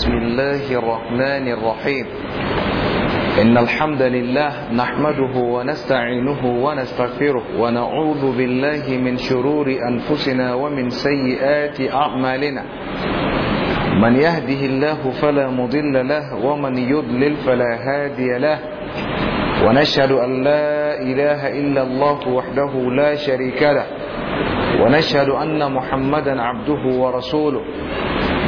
بسم الله الرحمن الرحيم إن الحمد لله نحمده ونستعينه ونستغفره ونعوذ بالله من شرور أنفسنا ومن سيئات أعمالنا من يهده الله فلا مضل له ومن يضلل فلا هادي له ونشهد أن لا إله إلا الله وحده لا شريك له ونشهد أن محمدا عبده ورسوله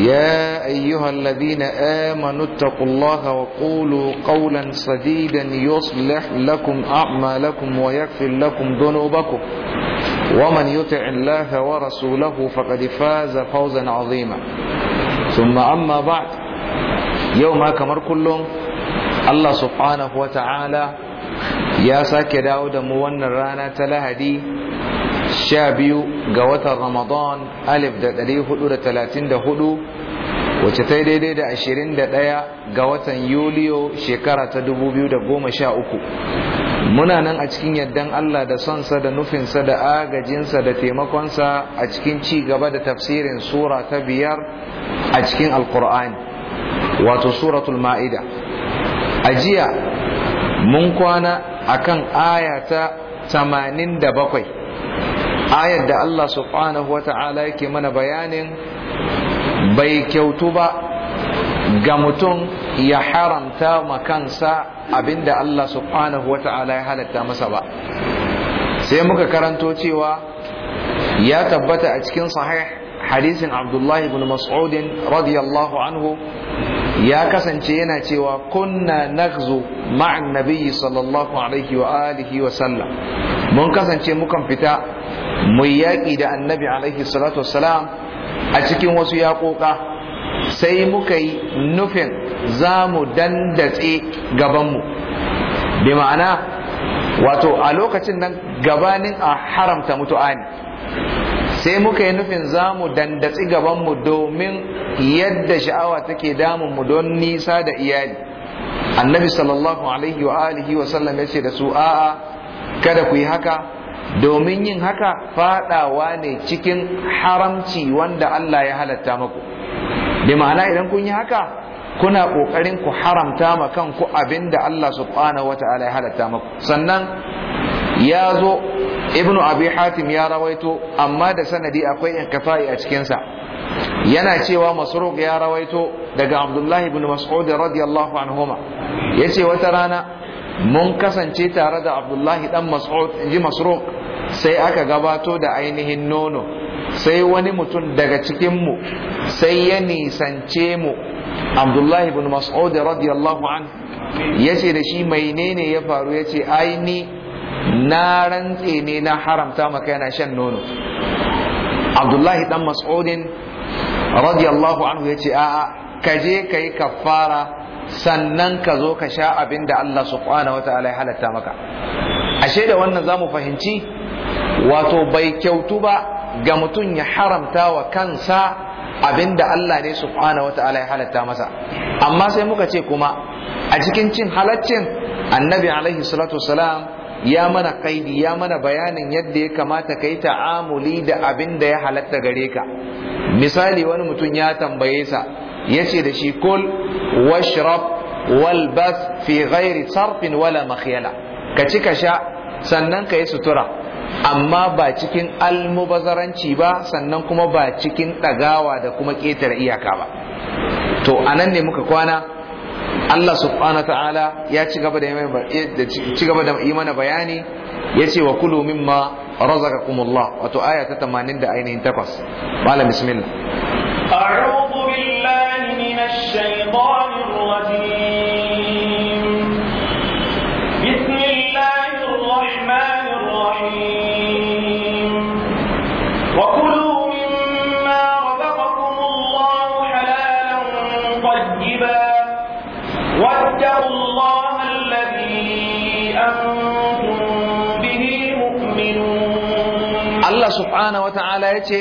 يا أيها الذين آمنوا اتقوا الله وقولوا قولا سديدا يصلح لكم أعمالكم ويغفر لكم ذنوبكم ومن يطع الله ورسوله فقد فاز فوزا عظيما ثم أما بعد يوم أكمر كلهم الله سبحانه وتعالى يا ساكي داود موانا رانا تلاهدي sha biyu ga watan ramadan alif da ɗari hudu da talatin da hudu wacce ta daidai da ashirin da ɗaya ga watan yuliyo shekara ta dubu biyu da goma sha uku muna nan a cikin yardan Allah da sonsa da nufinsa da agajinsa da taimakonsa a cikin ci gaba da tafsirin sura ta biyar a cikin alkur'ani wato suratul ma'ida a jiya mun kwana akan aya ta 87 ayar da Allah subhanahu wa ta'ala yake mana bayanin bai kyautu ba ga mutum ya haramta makansa abinda Allah subhanahu wa ta'ala ya halatta masa ba sai muka karanto cewa ya tabbata a cikin sahih hadisin abdullahi ibn mas'udin radiyallahu anhu ya kasance yana cewa kunna nagzu ma'an nabiyyi sallallahu alaihi wa alihi wa sallam mun kasance mukan fita mu da annabi alaihi salatu wassalam a cikin wasu yaƙoƙa sai muka yi nufin za mu dandatse gabanmu bi ma'ana wato a lokacin nan gabanin a haramta mutu'ani. sai muka yi nufin za mu dandatsi gabanmu domin yadda sha'awa take damunmu don nisa da iyali annabi sallallahu alaihi wa alihi wa sallam ya ce da su a'a kada ku yi haka domin yin haka fadawa ne cikin haramci wanda Allah ya halatta maku bi ma'ana idan kun yi haka kuna ƙoƙarin ku haramta ma kanku abin da Allah subhanahu wa ta'ala ya halatta maku sannan ya zo ibnu abi hatim ya rawaito amma da sanadi akwai inqita'i a cikinsa yana cewa masruq ya rawaito daga abdullahi ibn mas'ud radiyallahu anhuma yace wata rana mun kasance tare da abdullahi dan mas'ud inji masruq sai aka gabato da ainihin nono sai wani mutum daga cikinmu sai ya nisance mu abdullahi bin mas'ud radiyallahu an ya ce da shi mai ne ya faru ya ce aini na rantse ne na haramta maka yana shan nono abdullahi dan mas'udin radiyallahu anhu ya ce a'a ka je ka yi kafara sannan ka zo ka sha abin da Allah subhanahu taala ya halatta maka ashe da wannan zamu fahimci wato bai kyautu ba ga mutum ya haramta wa kansa abinda Allah ne subhanahu wata'ala ya halatta masa amma sai muka ce kuma a cikin cin halaccin annabi alaihi salatu wasalam ya mana kaidi ya mana bayanin yadda ya kamata ka yi ta'amuli da abin da ya halatta gare ka misali wani mutum ya tambaye sa ya ce da shi kul washrab walbas fi ghairi sarfin wala makhyala ka ci ka sha sannan ka yi sutura amma ba cikin almubazaranci ba sannan kuma ba cikin ɗagawa da kuma ƙetare iyaka ba to anan ne muka kwana Allah subhanahu ta'ala ya ci gaba da ci gaba da yi mana bayani ya ce wa kulu mimma razaqakumullah wato aya ta 88 malam bismillah a'udhu subhanahu wata'ala ya ce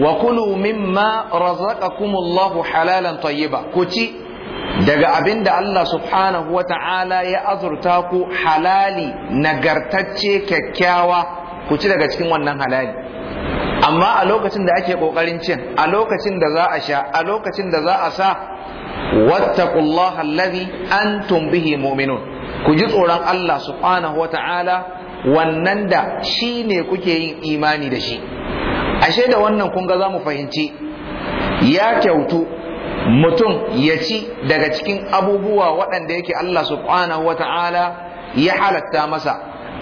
wa kulu mimma halalan tayyiba ku ci daga abinda da Allah subhanahu wata'ala ya azurta ku halali nagartacce kyakkyawa ku ci daga cikin wannan halali amma a lokacin da ake kokarin cin a lokacin da za a sha a lokacin da za a sa wattaqullaha allazi an tumbihi mu'minun ku ji tsoron Allah subhanahu wata'ala wannan da shi ne kuke yin imani da shi ashe da wannan kun ga za mu fahimci ya kyautu mutum ya ci daga cikin abubuwa waɗanda yake Allah subhanahu wata'ala ya halatta masa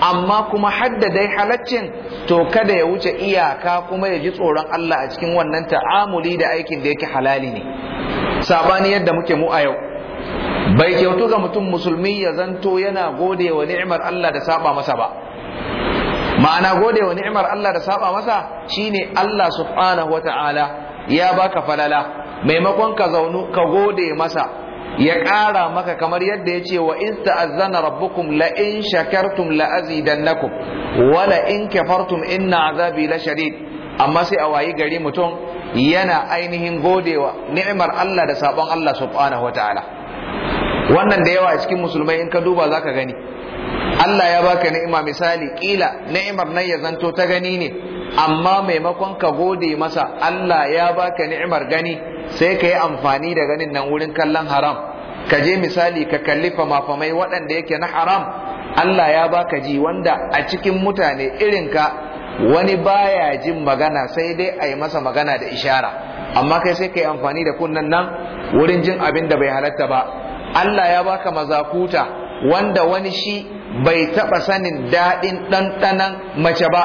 amma kuma dai halaccin to kada ya wuce iyaka kuma ya ji tsoron Allah a cikin wannan ta'amuli da aikin da yake halali ne sabani yadda muke mu a yau bai kyautu ga mutum musulmi ya zanto yana gode wa ni'imar Allah da saba masa ba ma'ana gode wa ni'imar Allah da saba masa shine Allah subhanahu wata'ala ya baka falala maimakon ka zaunu ka gode masa ya ƙara maka kamar yadda ya ce wa in ta'azzana rabbukum la in shakartum la azidannakum wa la in kafartum inna azabi la shadid amma sai a wayi gari mutum yana ainihin godewa ni'imar Allah da sabon Allah subhanahu wata'ala wannan da yawa a cikin musulmai in ka duba zaka gani Allah ya baka ni'ima misali kila ni'imar nan ya zanto ta gani ne amma maimakon ka gode masa Allah ya baka ni'imar gani sai ka yi amfani da ganin nan wurin kallon haram ka je misali ka kalli famafamai waɗanda yake na haram Allah ya baka ji wanda a cikin mutane irin ka wani baya jin magana sai dai a yi masa magana da ishara amma kai sai ka yi amfani da kunnen nan wurin jin abin da bai halatta ba Allah ya baka mazakuta wanda wani shi bai taɓa sanin daɗin ɗanɗanan mace ba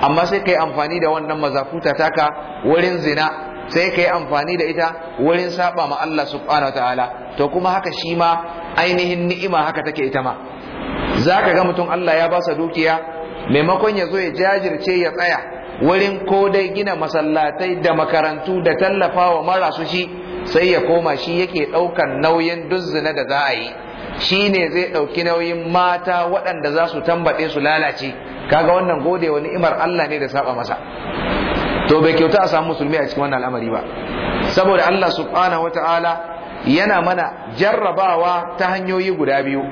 amma sai ka yi amfani da wannan mazakuta taka wurin zina sai ka yi amfani da ita wurin saba ma Allah subhanahu wa ta'ala to kuma haka shi ma ainihin ni'ima haka take ita ma za ka ga mutum Allah ya ba sa dukiya maimakon ya zo ya jajirce ya tsaya wurin ko dai gina masallatai da makarantu da tallafawa marasu shi sai ya koma shi yake ɗaukan nauyin duk zina da za a yi Shi ne zai ɗauki nauyin mata waɗanda za su tambaɗe su lalace kaga wannan gode wa ni'imar Allah ne da saba masa to bai kyauta a samu musulmi a cikin wannan al'amari ba saboda Allah subhanahu wata'ala yana mana jarrabawa ta hanyoyi guda biyu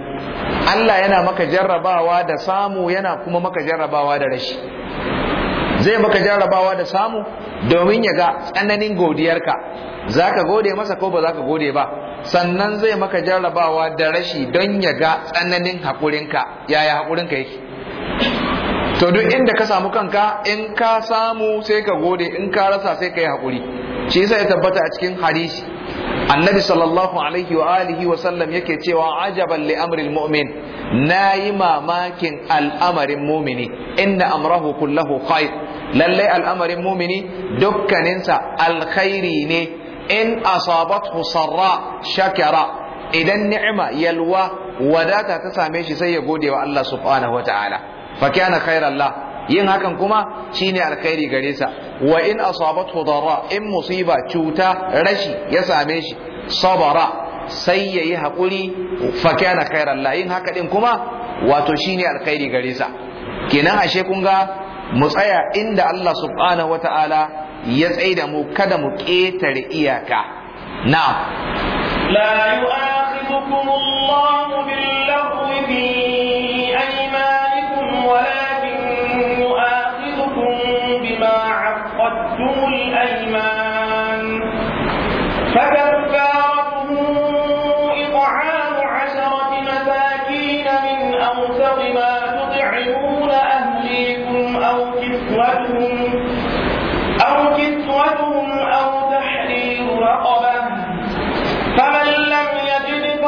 Allah yana maka jarrabawa da samu yana kuma maka jarrabawa da rashi zai maka jarrabawa da samu domin ya ga tsananin godiyarka zaka gode masa ko ba za ka gode ba sannan zai maka jarrabawa da rashi don ya ga tsananin haƙurinka yaya haƙurinka yake to duk inda ka samu kanka in ka samu sai ka gode in ka rasa sai ka yi haƙuri shi sai ya tabbata a cikin hadisi annabi sallallahu alaihi wa alihi wa sallam yake cewa ajaban li amril mu'min nayi mamakin al'amarin mumini inna amrahu kullahu khair Lallai al'amarin mumini dukkaninsa alkhairi ne in asabathu sarra shakara idan ni'ima yalwa wadata ta same shi sai ya gode wa Allah subhanahu wataala fa kana khairan la yin hakan kuma shine alkhairi gare sa wa in asabathu darra in musiba cuta rashi ya same shi sabara sai yayi hakuri fa kana khairan la yin haka din kuma wato shine alkhairi gare sa kenan ashe kun ga mu tsaya inda Allah subhanahu wataala ya tsaida mu kada mu ƙetare iyaka na la yu'akhidhukum Allahu bil-lahwi fi aymanikum walakin yu'akhidhukum bima 'aqadtum al-ayman أهليكم أو كسوتهم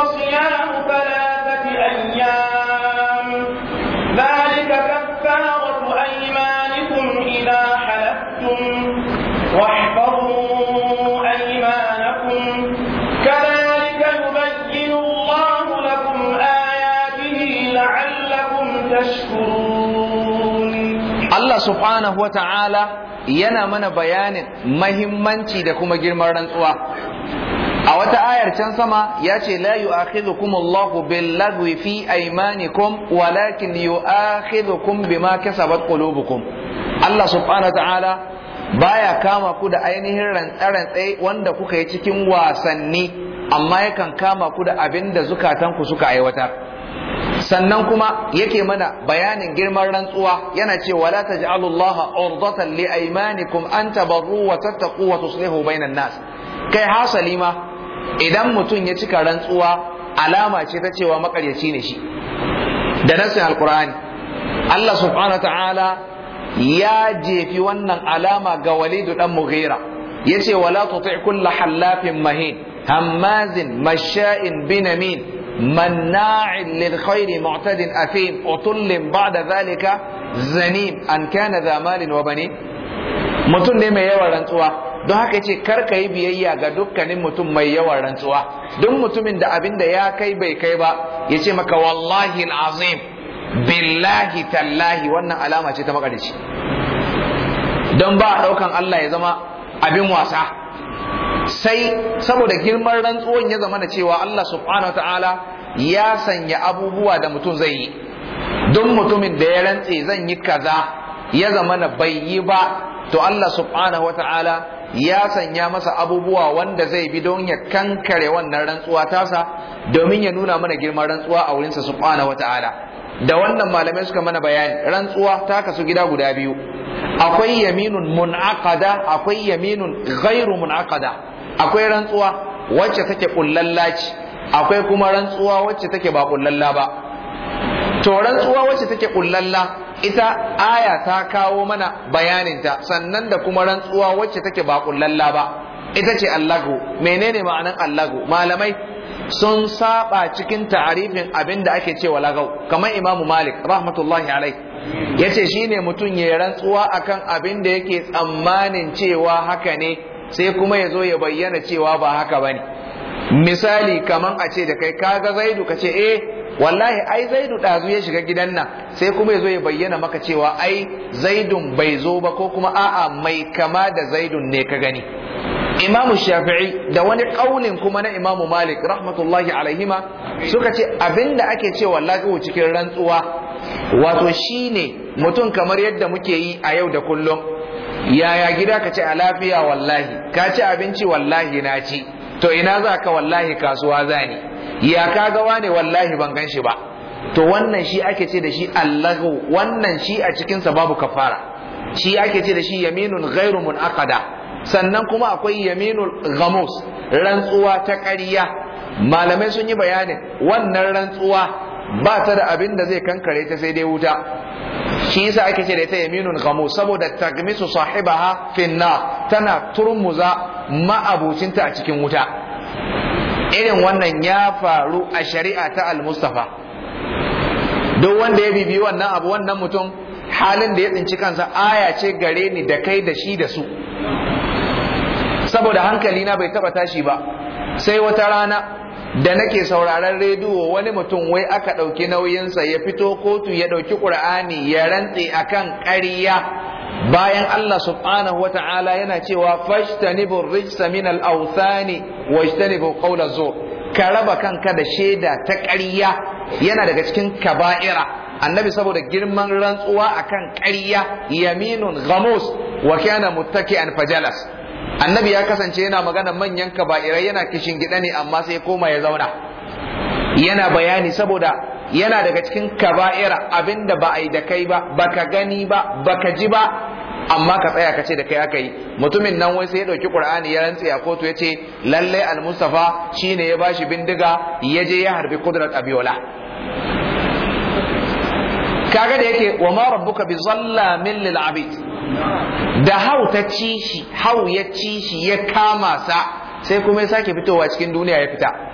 وصيام ثلاثة أيام ذلك كفارة أيمانكم إذا حلفتم واحفظوا أيمانكم كذلك يبين الله لكم آياته لعلكم تشكرون الله سبحانه وتعالى yana mana bayanin mahimmanci da kuma girman rantsuwa a wata ayar can sama ya ce la yu'akhidhukum Allahu bil lagwi fi aymanikum walakin yu'akhidhukum bima kasabat qulubukum Allah subhanahu wa ta'ala baya kama ku da ainihin tsaye wanda kuka yi cikin wasanni amma yakan kama ku da abin da zukatanku suka aiwatar sannan kuma yake mana bayanin girman rantsuwa yana ce wala taj'alu Allah urdatan li aymanikum an tabarru wa tattaqu wa tuslihu bainan nas kai hasali ma idan mutum ya cika rantsuwa alama ce ta cewa makaryaci ne shi da nasin alkur'ani Allah subhanahu wa ta'ala ya jefi wannan alama ga walidu dan mughira ce wala tuti kulla hallafin mahin hammazin masha'in binamin manna'in lil khairi mu'tadin afim utullin ba'da zalika zanim an kana dha malin wa banin mutum ne mai yawan rantsuwa don haka ce kar ka yi biyayya ga dukkanin mutum mai yawan rantsuwa duk mutumin da abin da ya kai bai kai ba ya ce maka wallahi azim billahi tallahi wannan alama ce ta makarici don ba a ɗaukan Allah ya zama abin wasa sai saboda girman rantsuwan ya zama na cewa Allah subhanahu wa ta'ala ya sanya abubuwa da mutum zai yi don mutumin da ya rantse zan yi kaza ya zama na bai yi ba to Allah subhanahu wa ta'ala ya sanya masa abubuwa wanda zai bi don ya kankare wannan rantsuwa tasa domin ya nuna mana girman rantsuwa a wurin wurinsa subhanahu wata'ala da wannan malamai suka mana bayani rantsuwa ta kasu gida guda biyu akwai yaminun Munakada. akwai yaminun ghairu Munakada. akwai rantsuwa wacce take kullallaci akwai kuma rantsuwa wacce take ba kullalla ba to rantsuwa wacce take kullalla ita aya ta kawo mana bayaninta sannan da kuma rantsuwa wacce take ba kullalla ba ita ce allahu menene ma'anan allahu malamai sun saba cikin ta'arifin abin da ake cewa lagau kamar imamu malik rahmatullahi alai ya ce shi ne mutum ya rantsuwa akan abin da yake tsammanin cewa haka ne sai kuma ya zo ya bayyana cewa ba haka ba ne misali kamar a ce da kai kaga zaidu ka ce eh wallahi ai zaidu ɗazu ya shiga gidan nan sai kuma ya zo ya bayyana maka cewa ai zaidun bai zo ba ko kuma a'a mai kama da zaidun ne ka gani imamu shafi'i da wani ƙaunin kuma na imamu malik rahmatullahi alaihima suka ce abinda ake ce wallahi ko cikin rantsuwa wato shine mutum kamar yadda muke yi a yau da kullum yaya gida ka ce a lafiya wallahi ka ci abinci wallahi na ci to ina za ka wallahi kasuwa zani ya kaga wane wallahi ban gan shi ba to wannan shi ake ce da shi allahu wannan shi a cikinsa babu kafara shi ake ce da shi yaminun ghairu munakada sannan kuma akwai yaminul ghamus rantsuwa ta ƙarya malamai sun yi bayanin wannan rantsuwa ba ta da abin da zai kankare ta sai dai wuta shi yasa ake ce da ita yaminun ghamu saboda tagmisu sahibaha finna tana turmuza ma'abucinta a cikin wuta irin wannan ya faru a shari'a ta al-mustafa duk wanda ya bibi wannan abu wannan mutum halin da ya tsinci kansa aya ce gare ni da kai da shi da su saboda hankali na bai taba tashi ba sai wata rana da nake sauraron rediyo wani mutum wai aka ɗauki nauyinsa ya fito kotu ya ɗauki ƙur'ani ya rantse akan ƙarya bayan Allah subhanahu wata'ala yana cewa fajtanibu rijsa min al-awthani zo, ka raba kanka da shaida ta ƙarya yana daga cikin kaba'ira annabi saboda girman rantsuwa akan ƙarya yaminun ghamus wa mutake an fajalas annabi ya kasance yana magana manyan kaba'irai yana kishin gida ne amma sai koma ya zauna yana bayani saboda yana daga cikin kaba'ira abinda ba a yi da kai ba baka gani ba baka ji ba amma ka tsaya ka ce da kai aka yi mutumin nan wai sai ya dauki qur'ani ya rantse a kotu ya ce lallai al-mustafa shine ya bashi bindiga ya je ya harbi kudrat abiola kaga da yake wa ma rabbuka bi zallamin lil abid da hau ta ci hau ya cishi ya kama sa sai kuma ya sake fitowa cikin duniya ya fita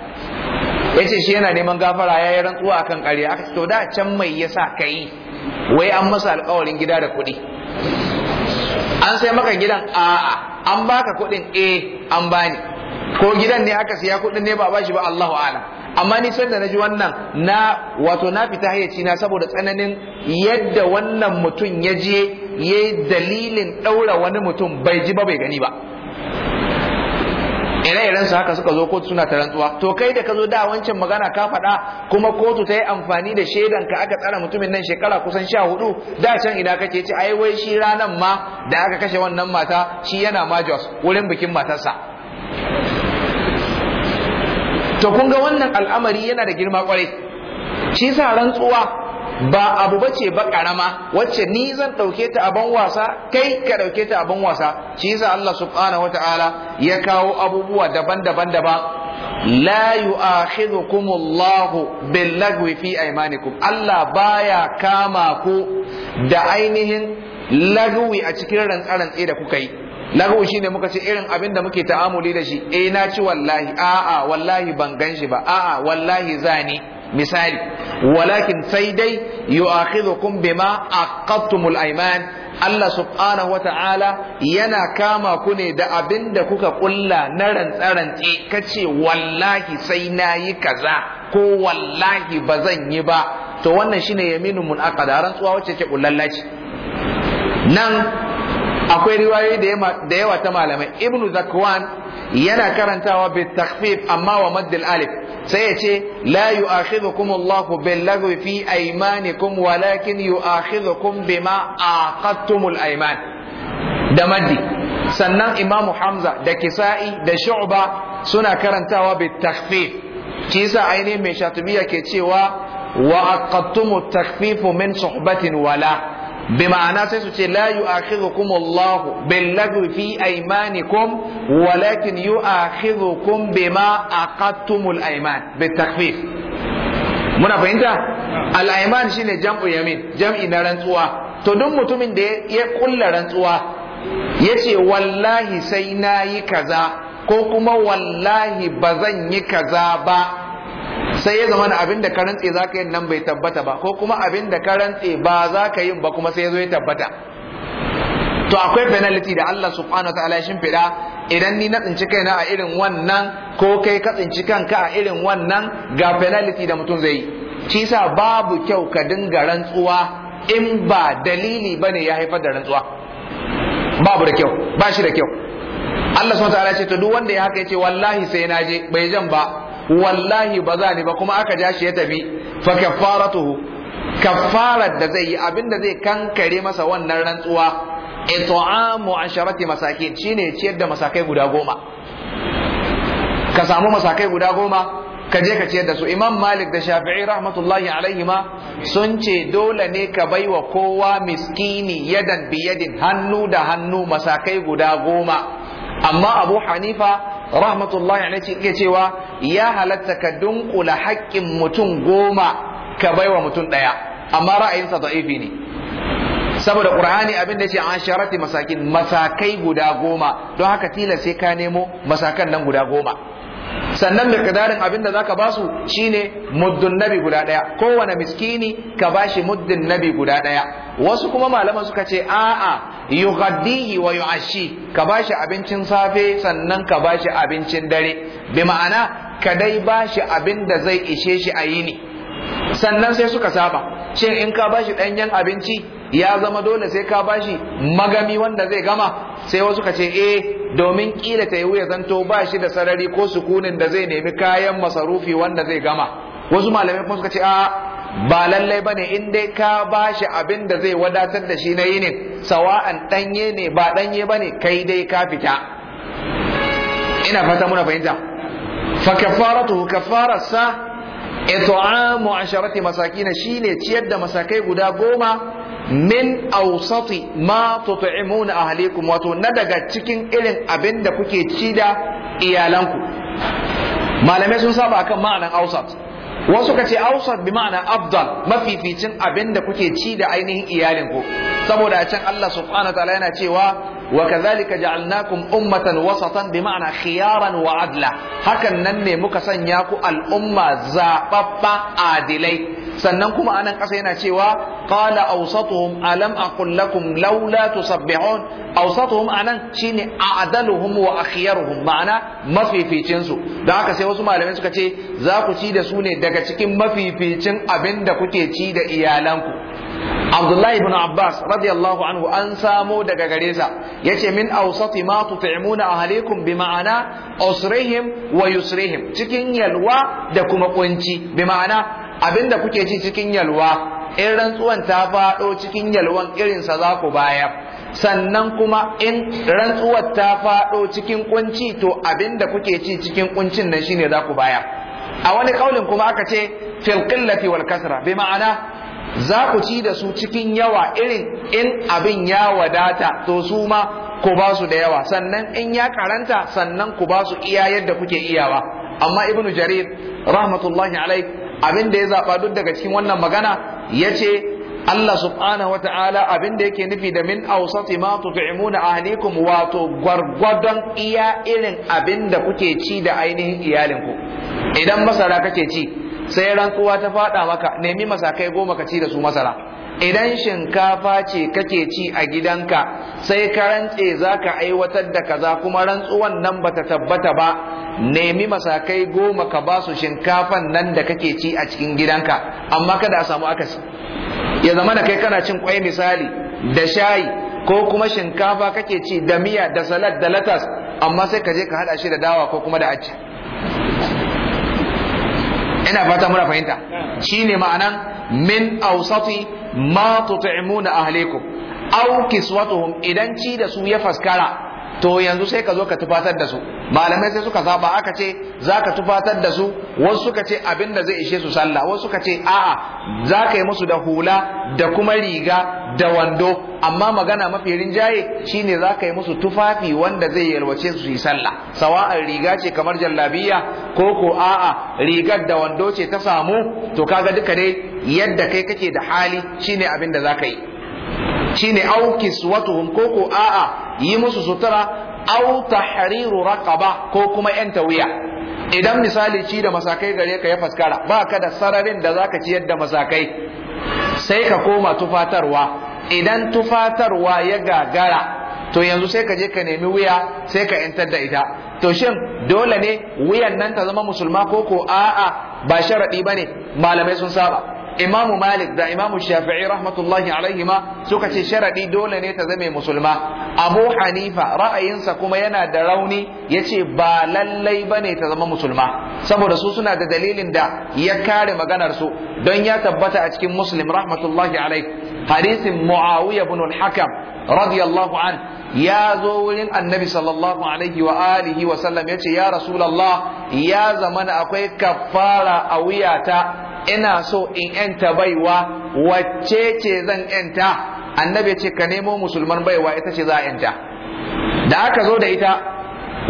yace shi yana neman gafara ya yi rantsuwa akan ƙarya aka to da can mai yasa kai wai an masa alƙawarin gida da kuɗi an sai maka gidan a an baka kuɗin eh an bani ko gidan ne aka siya kuɗin ne ba ba shi ba Allahu ala amma ni san da ji wannan na wato na fita hayyaci na saboda tsananin yadda wannan mutum ya je yayi dalilin ɗaura wani mutum bai ji ba bai gani ba ire-iren su haka suka zo kotu suna rantsuwa to kai da kazo da wancan magana ka faɗa kuma kotu ta yi amfani da shaidan ka aka tsara mutumin nan shekara kusan sha hudu da can ina kake ce ai wai shi ranan ma da aka kashe wannan mata shi yana ma Jos wurin bikin matarsa to kun ga wannan al'amari yana da girma kwarai shi sa rantsuwa ba abu bace ba karama wacce ni zan dauke ta abin wasa kai ka dauke ta abin wasa shi yasa Allah subhanahu wataala ya kawo abubuwa daban-daban daban la yu'akhidhukum Allah bil fi aymanikum Allah baya kama ku da ainihin lagwi a cikin rantsarantsi da kuka yi lahu shi ne muka ce irin abin da muke ta'amuli da shi eh na ci wallahi a'a wallahi ban gan shi ba a'a wallahi zani misali walakin sai dai yu'akhidhukum bima aqattumul ayman Allah subhanahu wa ta'ala yana kama ku ne da abin da kuka kulla na rantsarantse kace wallahi sai na yi kaza ko wallahi ba zan yi ba to wannan shine yaminu mun aqada rantsuwa wacce ke kullallaci nan akwai riwayoyi da yawa ta malamai ibnu zakwan yana karantawa bi takhfif amma wa maddil alif sai ya ce la yu'akhidhukum Allahu billaghwi fi aymanikum walakin yu'akhidhukum bima aqadtumul ayman da maddi sannan imamu hamza da kisa'i da shu'ba suna karantawa bi takfif kisa ainihin mai shatubiya ke cewa wa aqadtumut takfifu min suhbatin wala bi ma'ana sai su ce la yu'akhidhukum Allah bil lagwi fi aymanikum walakin yu'akhidhukum bima aqadtumul ayman muna fahimta al shine jam'u yamin jam'i na rantsuwa to duk mutumin da ya kulla rantsuwa ya ce wallahi sai nayi kaza ko kuma wallahi bazan yi kaza ba sai ya zama abinda abin da ka za ka yi nan bai tabbata ba ko kuma abin da ka ba za ka yi ba kuma sai ya zo ya tabbata to akwai penalty da Allah subhanahu ta'ala ya shimfiɗa idan ni na tsinci kaina a irin wannan ko kai ka tsinci kanka a irin wannan ga penalty da mutum zai yi shi sa babu kyau ka dinga rantsuwa in ba dalili bane ya haifar da rantsuwa babu da kyau ba shi da kyau Allah subhanahu ta'ala ya ce to duk wanda ya haka ya ce wallahi sai na je bai jan ba wallahi ba za ni ba kuma aka ja shi ya tafi fa kaffaratuhu kaffarar da zai yi abinda zai kankare masa wannan rantsuwa it'amu asharati masakin shine ciyar da masakai guda goma ka samu masakai guda goma ka je ka ciyar da su imam malik da shafi'i rahmatullahi alaihima sun ce dole ne ka bai wa kowa miskini yadan biyadin hannu da hannu masakai guda goma amma abu hanifa rahmatullahi alaihi yake cewa ya halatta ka dunkula haƙƙin mutum goma ka baiwa mutum ɗaya amma ra'ayinsa da'ifi ne saboda ƙur'ani abin da ce an sharati masakin masakai guda goma don haka tilas sai ka nemo masakan nan guda goma sannan miqdarin abin da za zaka basu shine muddun nabi guda daya kowane miskini ka bashi muddin nabi guda daya wasu kuma malaman suka ce a'a yughaddihi wa yu'ashi ka bashi abincin safe sannan ka bashi abincin dare bi ma'ana ka dai bashi abin da zai ishe shi a yini sannan sai suka saba shin in ka bashi ɗanyen abinci ya zama dole sai ka bashi magami wanda zai gama sai wasu ka ce eh domin kila ta yiwu ya zanto ba shi da sarari ko sukunin da zai nemi kayan masarufi wanda zai gama wasu malamai kuma suka ce a ba lallai bane in dai ka bashi abin da zai wadatar da shi na yinin sawa'an danye ne ba danye bane kai dai ka fita ina fata muna fahimta fa it'amu asharati masakina shine ciyar da masakai guda goma min awsati ma tut'imuna ahlikum wato na daga cikin irin abin da kuke ci da iyalanku malamai sun saba akan ma'anan awsat wasu ka ce ausat bi ma'ana afdal mafificin abin da kuke ci da ainihin iyalin ku saboda a can Allah subhanahu ta'ala yana cewa wa kadhalika ja'alnakum ummatan wasatan bi ma'ana khiyaran wa adla hakan nan ne muka sanya ku al'umma zababba adilai sannan kuma anan ƙasa yana cewa قال أوسطهم ألم أقل لكم لولا تسبحون أوسطهم أنا شيني أعدلهم وأخيرهم معنى ما في في تنسو دعك سيوسو ما لمن سكتي ذاك تيد سوني دعك تكيم ما في في تن أبن دكتي تيد إيالانكو Abdullahi ibn Abbas radiyallahu anhu an samo daga gare sa yace min awsati ma tut'imuna ahlikum bi ma'ana usrihim wa yusrihim cikin yalwa da kuma kunci bi ma'ana abinda kuke ci cikin yalwa in rantsuwan ta faɗo cikin yalwan irinsa za ku baya. sannan kuma in rantsuwar ta faɗo cikin kunci to abinda kuke ci cikin kuncin nan shine za ku baya a wani kaulin kuma aka ce fil qillati wal kasra bi ma'ana za ku ci da su cikin yawa irin in abin ya wadata to su ma ku ba su da yawa sannan in ya karanta sannan ku ba su iya yadda kuke iyawa amma ibnu jarir rahmatullahi alaihi, abin da ya zaba duk daga cikin wannan magana Ya ce Allah subhanahu wata'ala abin da yake nufi da min ausati ma na ahlikum wato gwargwadon iya irin abin da kuke ci da ainihin iyalinku idan masara kake ci sai rantsuwa ta faɗa maka nemi masakai goma ka ci da su masara idan shinkafa ce kake ci a gidanka sai ka rantse za ka aiwatar da kaza kuma rantsuwan nan ba ta tabbata ba nemi masakai goma ka ba su shinkafan nan da kake ci a cikin gidanka amma kada a samu akasi ya zama da kai kana cin kwai misali da shayi ko kuma shinkafa kake ci da miya da salad da latas amma sai ka je ka hada shi da dawa ko kuma da acca ina fata muna fahimta shine ma'anan min ausati ma tuta'imuna ahlikum aw kiswatuhum idan ci da su ya faskara to yanzu sai ka zo ka tufatar da su malamai sai suka zaba. aka ce za ka tufatar da su wasu suka ce abin da zai ishe su sallah wasu suka ce a'a za ka yi musu da hula da kuma riga da wando amma magana mafi rinjaye shine za ka yi musu tufafi wanda zai yalwace su yi sallah Sawa'ar riga ce kamar jallabiya ko ko a'a rigar da wando ce ta samu to kaga duka dai yadda kai kake da hali shine abin da za ka yi shine aukis watuhum ko ko a'a yi musu sutura aw tahriru raqaba ko kuma yanta wuya idan misali ci da masakai gare ka ya faskara ba ka da sararin da zaka ciyar da masakai sai ka koma tufatarwa idan tufatarwa ya gagara to yanzu sai ka je ka nemi wuya sai ka yantar da ita to shin dole ne wuyan nan ta zama musulma ko ko a'a ba sharadi bane malamai sun saba imamu malik da imamu shafi'i rahmatullahi alaihima suka ce sharadi dole ne ta zame musulma abu hanifa ra'ayinsa kuma yana da rauni yace ba lallai ba ne ta zama musulma saboda su suna da dalilin da ya kare maganarsu don ya tabbata a cikin muslim rahmatullahi alaihi hadisin muawiya ibn al-hakam radiyallahu an ya zo wurin annabi sallallahu alaihi wa alihi wa sallam yace ya rasulullah ya zamana akwai kafara a wuyata ina so in yanta baiwa wacce ce zan yanta annabi ce ka nemo musulman baiwa ita ce za a yanta da aka zo da ita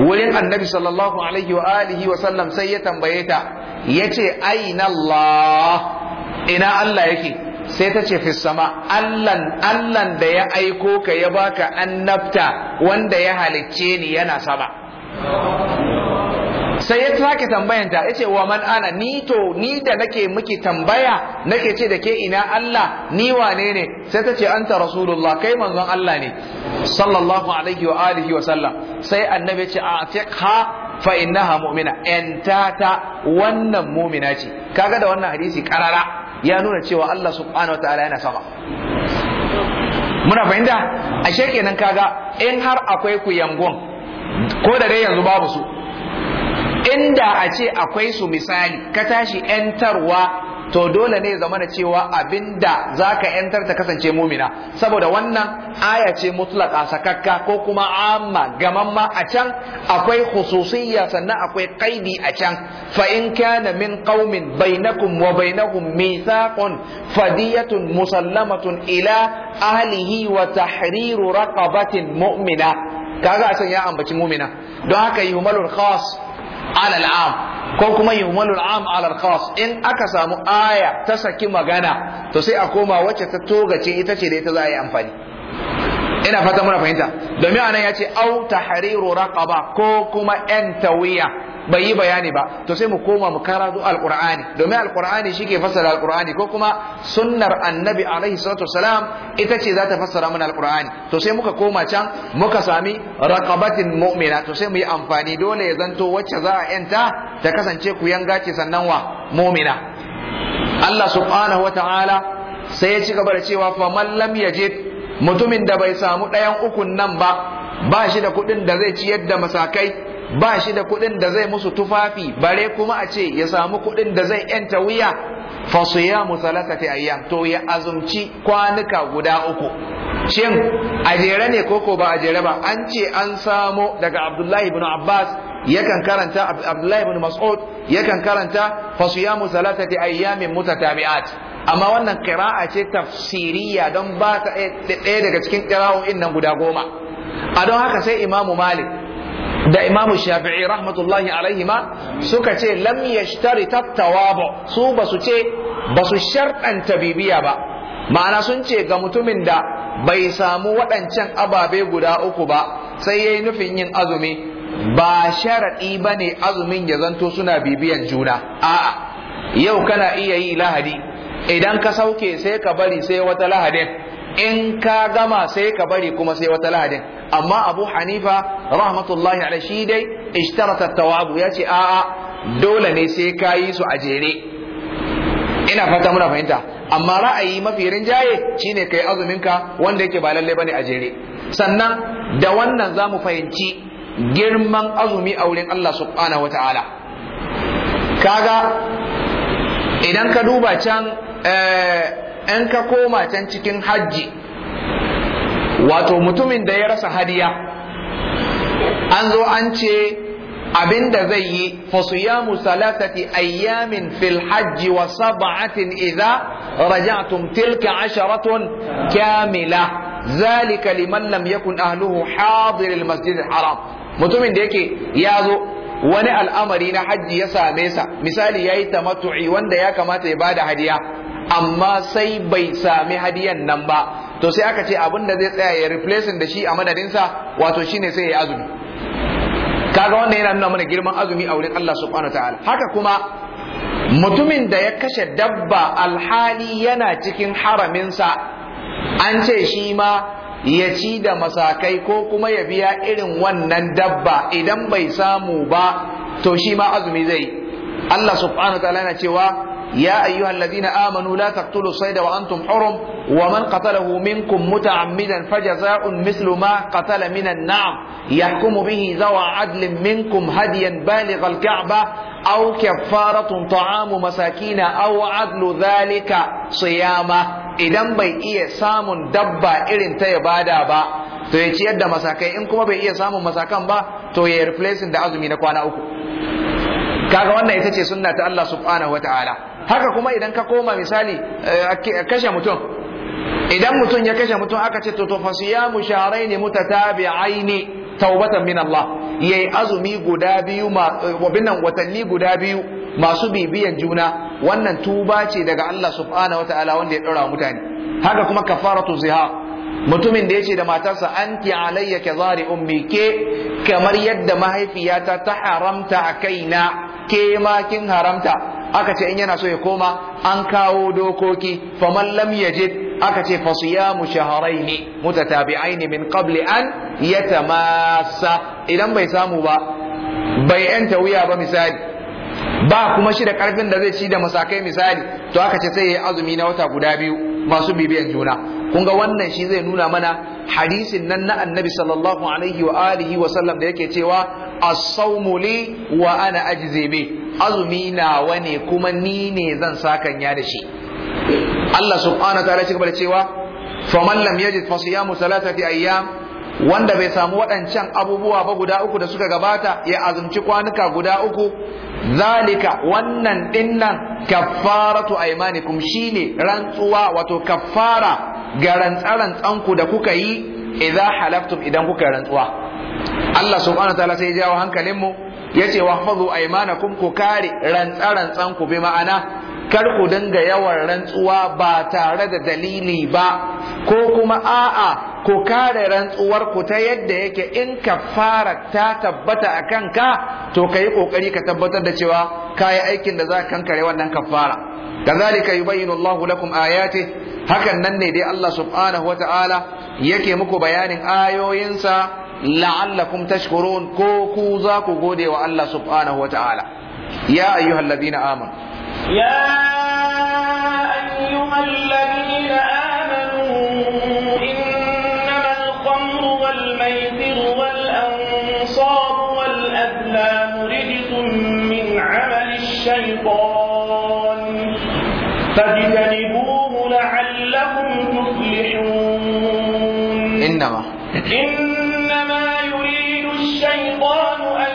wurin annabi sallallahu alaihi wa alihi wa sallam sai ya tambaye ta yace aina Allah ina Allah yake sai ta ce fissama allan allan da ya aiko ka ya baka annabta wanda ya halicce ni yana sama sai ya sake tambayanta ya ce wa man ana ni to ni da nake miki tambaya nake ce da ke ina Allah ni wane ne sai ta ce anta rasulullah kai manzon Allah ne sallallahu alaihi wa alihi wa sallam sai annabi ya ce atiqha fa innaha mu'mina enta ta wannan mu'mina ce kaga da wannan hadisi karara ya nuna cewa Allah subhanahu Ta'ala yana sama muna fahimta ashe kenan kaga in har akwai ku yangon, ko da dai yanzu babu su inda a ce akwai su misali ka tashi 'yantarwa to dole ne zama da cewa abinda zaka yantar ta kasance mumina saboda wannan aya ce mutlaka sakakka ko kuma amma gaman ma a can akwai khususiyya sannan akwai qaidi a can fa in kana min qaumin bainakum wa bainahum mithaqun fadiyatun musallamatun ila ahlihi wa tahriru raqabatin mu'mina kaga a can ya ambaci mumina don haka yumalul khas alal am ko kuma yumalul am alal khas in aka samu aya ta saki magana to sai a koma wacce ta togace ita ce da ita za a yi amfani ina fata muna fahimta domin anan ya ce au tahriru raqaba ko kuma yan tawiya bai yi bayani ba to sai mu koma mu karatu alqur'ani domin alqur'ani shike fassara alqur'ani ko kuma sunnar annabi alaihi salatu wasalam ita ce za ta fassara mana alqur'ani to sai muka koma can muka sami raqabatin mu'mina to sai mu yi amfani dole ya zanto wacce za a yanta ta kasance ku yanga ce sannan wa mu'mina Allah subhanahu wa ta'ala sai ya ci gaba da cewa faman lam yajid mutumin da bai samu ɗayan ukun nan ba ba shi da kuɗin da zai ciyar da masakai ba shi da kuɗin da zai musu tufafi bare kuma a ce ya samu kuɗin da zai yanta wuya fa siyamu thalathati ayyam to ya azumci kwanuka guda uku shin a jere ne koko ba a jere ba an ce an samo daga Abdullahi ibn Abbas yakan karanta Abdullahi ibn Mas'ud yakan karanta fa siyamu thalathati ayyamin mutatabi'at amma wannan kira'a ce tafsiriya don ba ta ɗaya daga cikin ƙira'o'in nan guda goma a don haka sai imamu malik da imamu shafi'i rahmatullahi alaihi ma suka ce lam yashtari tattawa su ba su ce ba su sharɗanta bibiya ba ma'ana sun ce ga mutumin da bai samu waɗancan ababe guda uku ba sai yayi nufin yin azumi ba sharaɗi bane azumin ya zanto suna bibiyan juna a'a yau kana iya yi lahadi idan ka sauke sai ka bari sai wata lahadin in ka gama sai ka bari kuma sai wata lahadin amma abu hanifa rahmatullahi alai shi dai ishtarata tawabu ya ce a'a dole ne sai ka yi su a jere ina fata muna fahimta amma ra'ayi mafi rinjaye shine kai azumin ka wanda yake ba lalle bane a jere sannan da wannan za mu fahimci girman azumi a wurin Allah subhanahu wataala kaga idan ka duba can eh, in ka koma can cikin hajji wato mutumin da ya rasa hadiya an zo an ce abin da zai yi fasiyamu salatati ayyamin fil hajji wa sab'atin idza raja'tum tilka asharatun kamila zalika liman lam yakun ahluhu hadir al masjid haram mutumin da yake ya zo wani al'amari na hajji ya same sa misali yayi tamattu'i wanda ya kamata ya bada hadiya amma sai bai sami hadiyan nan ba to sai aka ce abin da zai tsaya ya replacing da shi a madadinsa wato shine sai ya azumi kaga wanda yana nuna mana girman azumi a wurin Allah subhanahu ta'ala haka kuma mutumin da ya kashe dabba alhali yana cikin haraminsa an ce shi ma ya ci da masakai ko kuma ya biya irin wannan dabba idan bai samu ba to shi ma azumi zai Allah subhanahu wataala yana cewa يا أيها الذين آمنوا لا تقتلوا الصيد وأنتم حرم ومن قتله منكم متعمدا فجزاء مثل ما قتل من النعم يحكم به ذوى عدل منكم هديا بالغ الكعبة أو كفارة طعام مساكين أو عدل ذلك صيامة idan bai iya samun dabba irin ta ya bada ba to ya ciyar da masakai in kuma bai iya samun masakan ba to ya replacing da azumi na kwana uku kaga wannan ita ce sunna ta Allah subhanahu haka kuma idan ka koma misali eh, kashe mutum idan mutum ya kashe mutum aka ce to to fasiyamu shahrayn mutatabi'aini taubatan min Allah yayi azumi guda biyu ma eh, watanni guda biyu masu bibiyan juna wannan tuba ce daga Allah subhanahu wataala wanda ya daura mutane haka kuma kafaratu zihar mutumin da yace da matarsa anti alayya ka zari ummi ke kamar yadda mahaifiyata ta haramta a kaina ke ma kin haramta aka ce in yana so ya koma an kawo dokoki faman lam yajid aka ce fa siyamu shahrayn ne min qabli an yatamassa idan bai samu ba bai yanta wuya ba misali ba kuma shi da karfin da zai ci da masakai misali to aka ce sai ya azumi na wata guda biyu masu bibiyan juna kun ga wannan shi zai nuna mana hadisin nan na annabi sallallahu alaihi wa alihi wa sallam da yake cewa as-sawmu li wa ana ajzi azumi nawa ne kuma ni ne zan sakanya ya da shi Allah subhanahu wa ta'ala ya da cewa faman lam yajid fa siyamu thalathati ayyam wanda bai samu waɗancan abubuwa ba guda uku da suka gabata ya azumci kwanuka guda uku zalika wannan dinnan kaffaratu aymanikum shine rantsuwa wato kaffara ga rantsaran tsanku da kuka yi idza halaftum idan kuka rantsuwa Allah subhanahu wataala sai jawo hankalin mu yace wahfazu aymanakum ku kare rantsaran tsanku bi ma'ana kar ku dinga yawan rantsuwa ba tare da dalili ba ko kuma a'a ku kare rantsuwar ku ta yadda yake in kafara ta tabbata a kanka to ka yi kokari ka tabbatar da cewa ka yi aikin da za ka kankare wannan kafara kazalika yubayyinu Allahu lakum ayati hakan nan ne dai Allah subhanahu wata'ala yake muku bayanin ayoyinsa la'allakum tashkurun ko ku za ku gode wa Allah subhanahu wata'ala ya ayyuhal ladina amanu ya ayyuhal الشيطان فاجتنبوه لعلكم تفلحون إنما إنما يريد الشيطان أن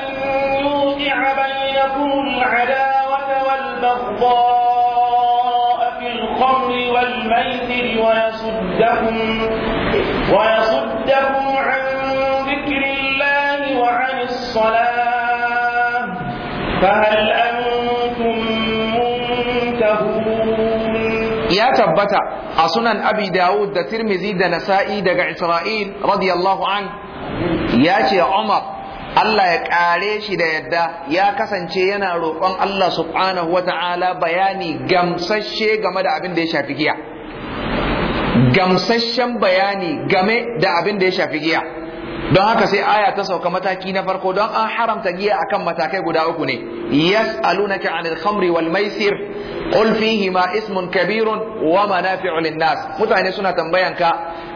يوقع بينكم العداوة والبغضاء في الخمر والميسر ويصدكم ويصدكم عن ذكر الله وعن الصلاة فهل أن ya tabbata a sunan abi dawud da tirmizi da nasa'i daga isra'il radiyallahu an ya ce umar Allah ya kare shi da yadda ya kasance yana roƙon Allah subhanahu wata'ala bayani gamsasshe game da abin da ya shafi giya gamsasshen bayani game da abin da ya shafi giya don haka sai aya ta sauka mataki na farko don an haramta giya akan matakai guda uku ne yas'alunaka 'anil khamri wal maisir qul fihima ismun kabirun wa manafi'u lin-nas mutane suna tambayanka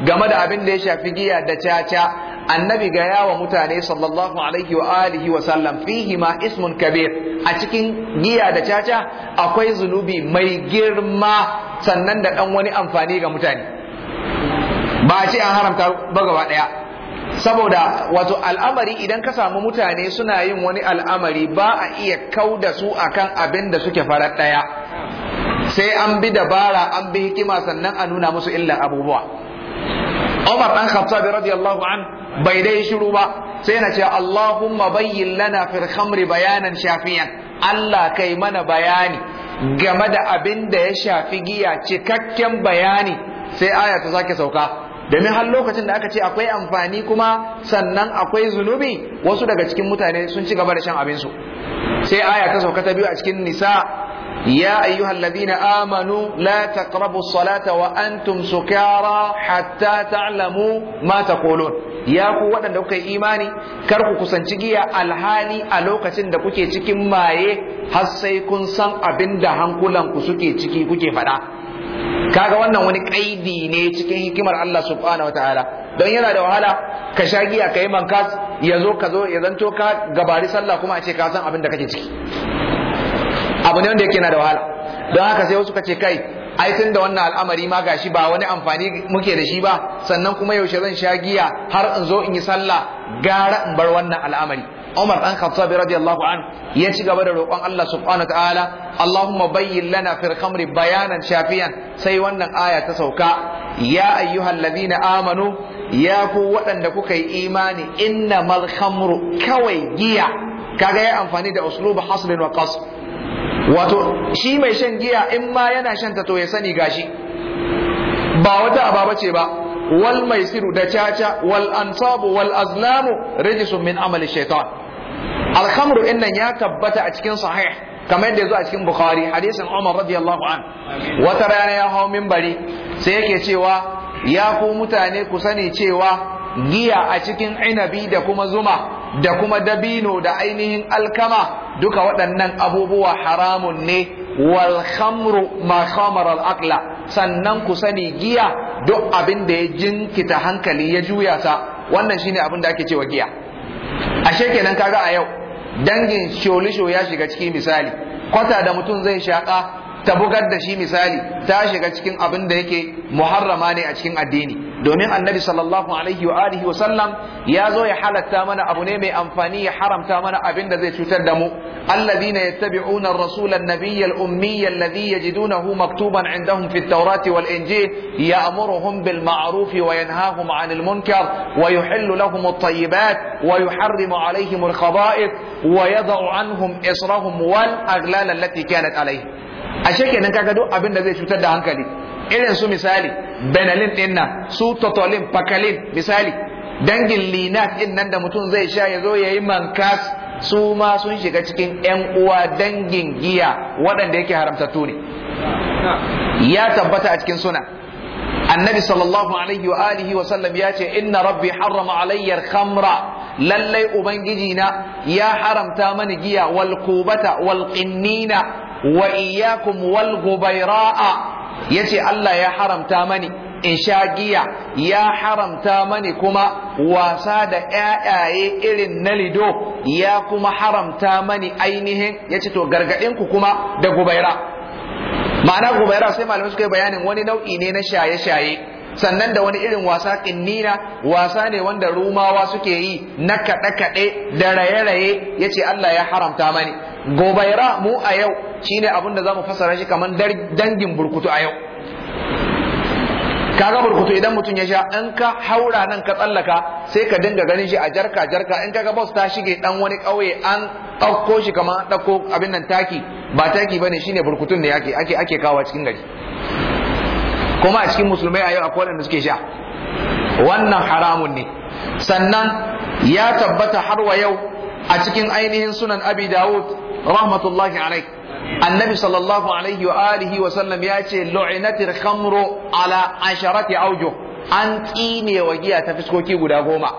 game da abin da ya shafi giya da caca annabi ga yawa mutane sallallahu alaihi wa alihi wa sallam fihima ismun kabir a cikin giya da caca akwai zunubi mai girma sannan da dan wani amfani ga mutane ba a ce an haramta ba gaba daya saboda wato al'amari idan ka samu mutane suna yin wani al'amari ba a iya kau da su akan abin da suke farar ɗaya sai an bi dabara an bi hikima sannan a nuna musu illan abubuwa Umar ɗan Khattab radiyallahu an bai dai shiru ba sai na ce Allahumma bayyin lana fil khamri bayanan shafiyan Allah kai mana bayani game da abin da ya shafi giya cikakken bayani sai aya ta zaki sauka domin har lokacin da aka ce akwai amfani kuma sannan akwai zunubi wasu daga cikin mutane sun ci gaba da shan abinsu sai aya ta sauka ta biyu a cikin nisa يا أيها amanu آمنوا لا تقربوا الصلاة وأنتم Sukara, حتى Talamu, ما تقولون Ya ku waɗanda kuka yi imani kar ku kusanci giya alhali a lokacin da kuke cikin maye har sai kun san abin da hankulanku suke ciki kuke faɗa kaga wannan wani kaidi ne cikin hikimar Allah subhanahu wataala don yana da wahala ka sha giya ka yi mankas ya zo ka zo ya zanto ka gabari sallah kuma a ce ka san abin da kake ciki abu ne wanda yake na da wahala don haka sai wasu ka ce kai ai tun da wannan al'amari ma gashi ba wani amfani muke da shi ba sannan kuma yaushe zan sha giya har in zo in yi sallah gara in bar wannan al'amari Umar dan Khattab radiyallahu an ya ci gaba da roƙon Allah subhanahu ta'ala Allahumma bayyin lana fil khamri bayanan shafiyan sai wannan aya ta sauka ya ayyuhal ladina amanu ya ku waɗanda kuka yi imani innamal khamru kawai giya kaga ya amfani da uslubu haslin wa qasb wato shi mai shan giya in ma yana shan ta to ya sani gashi ba wata aba ce ba wal maisiru da caca wal ansabu wal azlamu rijisun min amali shaitan alhamru din ya tabbata a cikin sahih kamar yadda zo a cikin bukhari hadisin umar radiyallahu an wata rana ya hau minbari sai yake cewa ya ku mutane ku sani cewa giya a cikin inabi da kuma zuma da kuma dabino da ainihin alkama duka waɗannan abubuwa haramun ne wal khamru ma khamara al aqla sannan ku sani giya duk abin da ya jinkita hankali ya juya sa wannan shine abin da ake cewa giya ashe kenan kaga a yau dangin sholisho ya shiga cikin misali kwata da mutum zai shaƙa ta bugar da shi misali ta shiga cikin abin da yake muharrama ne a cikin addini domin annabi sallallahu alaihi wa alihi wa sallam ya zo ya halatta mana abu ne mai amfani ya haramta mana abin da zai cutar da mu alladhina yattabi'una ar-rasul an-nabiy al-ummiy alladhi yajidunahu maktuban 'indahum fi at-taurati wal-injil ya'muruhum bil ma'ruf wa yanhahum 'anil munkar wa yuhillu lahum at-tayyibat wa yuharrimu 'alayhim al-khaba'ith wa yad'u 'anhum israhum wal-aghlal allati kanat 'alayhim ashe kenan kaga duk abin da zai cutar da hankali irin su misali benalin din nan su totolin pakalin misali dangin linat din nan da mutum zai sha ya zo ya yi mankas su ma sun shiga cikin yan uwa dangin giya waɗanda yake haramtattu ne ya tabbata a cikin suna annabi sallallahu alaihi wa alihi wa sallam ya ce inna rabbi harrama alayyar khamra lallai ubangiji na ya haramta mani giya wal kubata wal qinnina wa iyyakum wal ghubayra'a yace Allah ya haramta mani in sha giya ya haramta mani kuma wasa da ƴaƴaye irin na lido ya kuma haramta mani ainihin yace to gargadin ku kuma da gubaira ma'ana gubaira sai malamai suka yi bayanin wani nau'i ne na shaye-shaye sannan da wani irin wasa ƙinnina wasa ne wanda rumawa suke yi na kaɗe-kaɗe da raye-raye ya ce Allah ya haramta mani gobaira mu a yau shine abin da zamu fassara shi kamar dangin burkutu a yau kaga burkutu idan mutum ya sha in ka haura nan ka tsallaka sai ka dinga ganin shi a jarka jarka in kaga bus ta shige dan wani kauye an ɗauko shi kamar ɗauko abin nan taki ba taki bane shine burkutun ne yake ake ake kawo cikin gari kuma a cikin musulmai a yau akwai wanda suke sha wannan haramun ne sannan ya tabbata har wa yau a cikin ainihin sunan abi dawud rahmatullahi alaihi annabi sallallahu alaihi wa alihi wa sallam ya ce lu'inatil khamru ala asharati aujo an tsine wa giya ta fiskoki guda goma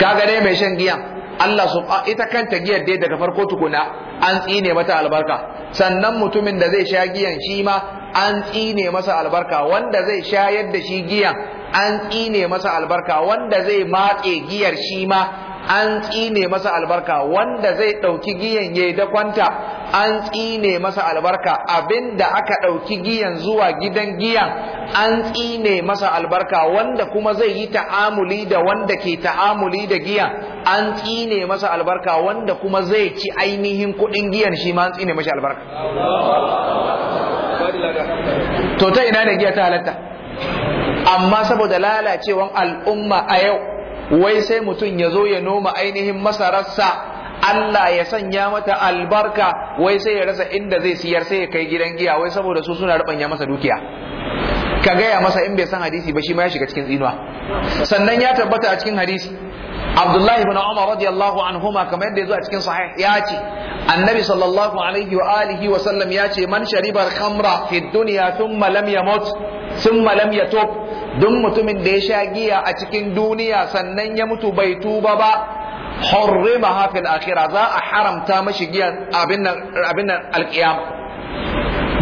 kaga dai mai shan giyan Allah su ita kanta giyar dai daga farko tukuna an tsine mata albarka sannan mutumin da zai sha giyan shi ma an tsine masa albarka wanda zai shayar da shi giyan an tsine masa albarka wanda zai matse giyar shi ma an tsine masa albarka wanda zai ɗauki giyan ya da kwanta an tsine masa albarka abinda aka ɗauki giyan zuwa gidan giyan an tsine masa albarka wanda kuma zai yi ta'amuli da wanda ke ta'amuli da giyan an tsine masa albarka wanda kuma zai ci ainihin kuɗin giyan shi ma an tsine masa albarka to ta ina da giya ta halatta amma saboda lalacewan al'umma a yau wai sai mutum ya zo ya noma ainihin masararsa Allah ya sanya mata albarka wai sai ya rasa inda zai siyar sai ya kai gidan giya wai saboda su suna rubanya masa dukiya ka gaya masa in bai san hadisi ba shi ma ya shiga cikin tsinuwa sannan ya tabbata a cikin hadisi Abdullahi ibn Umar radiyallahu anhuma kamar yadda yazo a cikin sahih ya ce Annabi sallallahu alaihi wa alihi wa sallam ya ce man shariba al-khamra fi dunya thumma lam yamut thumma lam yatub duk mutumin da ya sha giya a cikin duniya sannan ya mutu bai tuba ba hurrima hafil akhira za a haramta mashi giya abin nan abin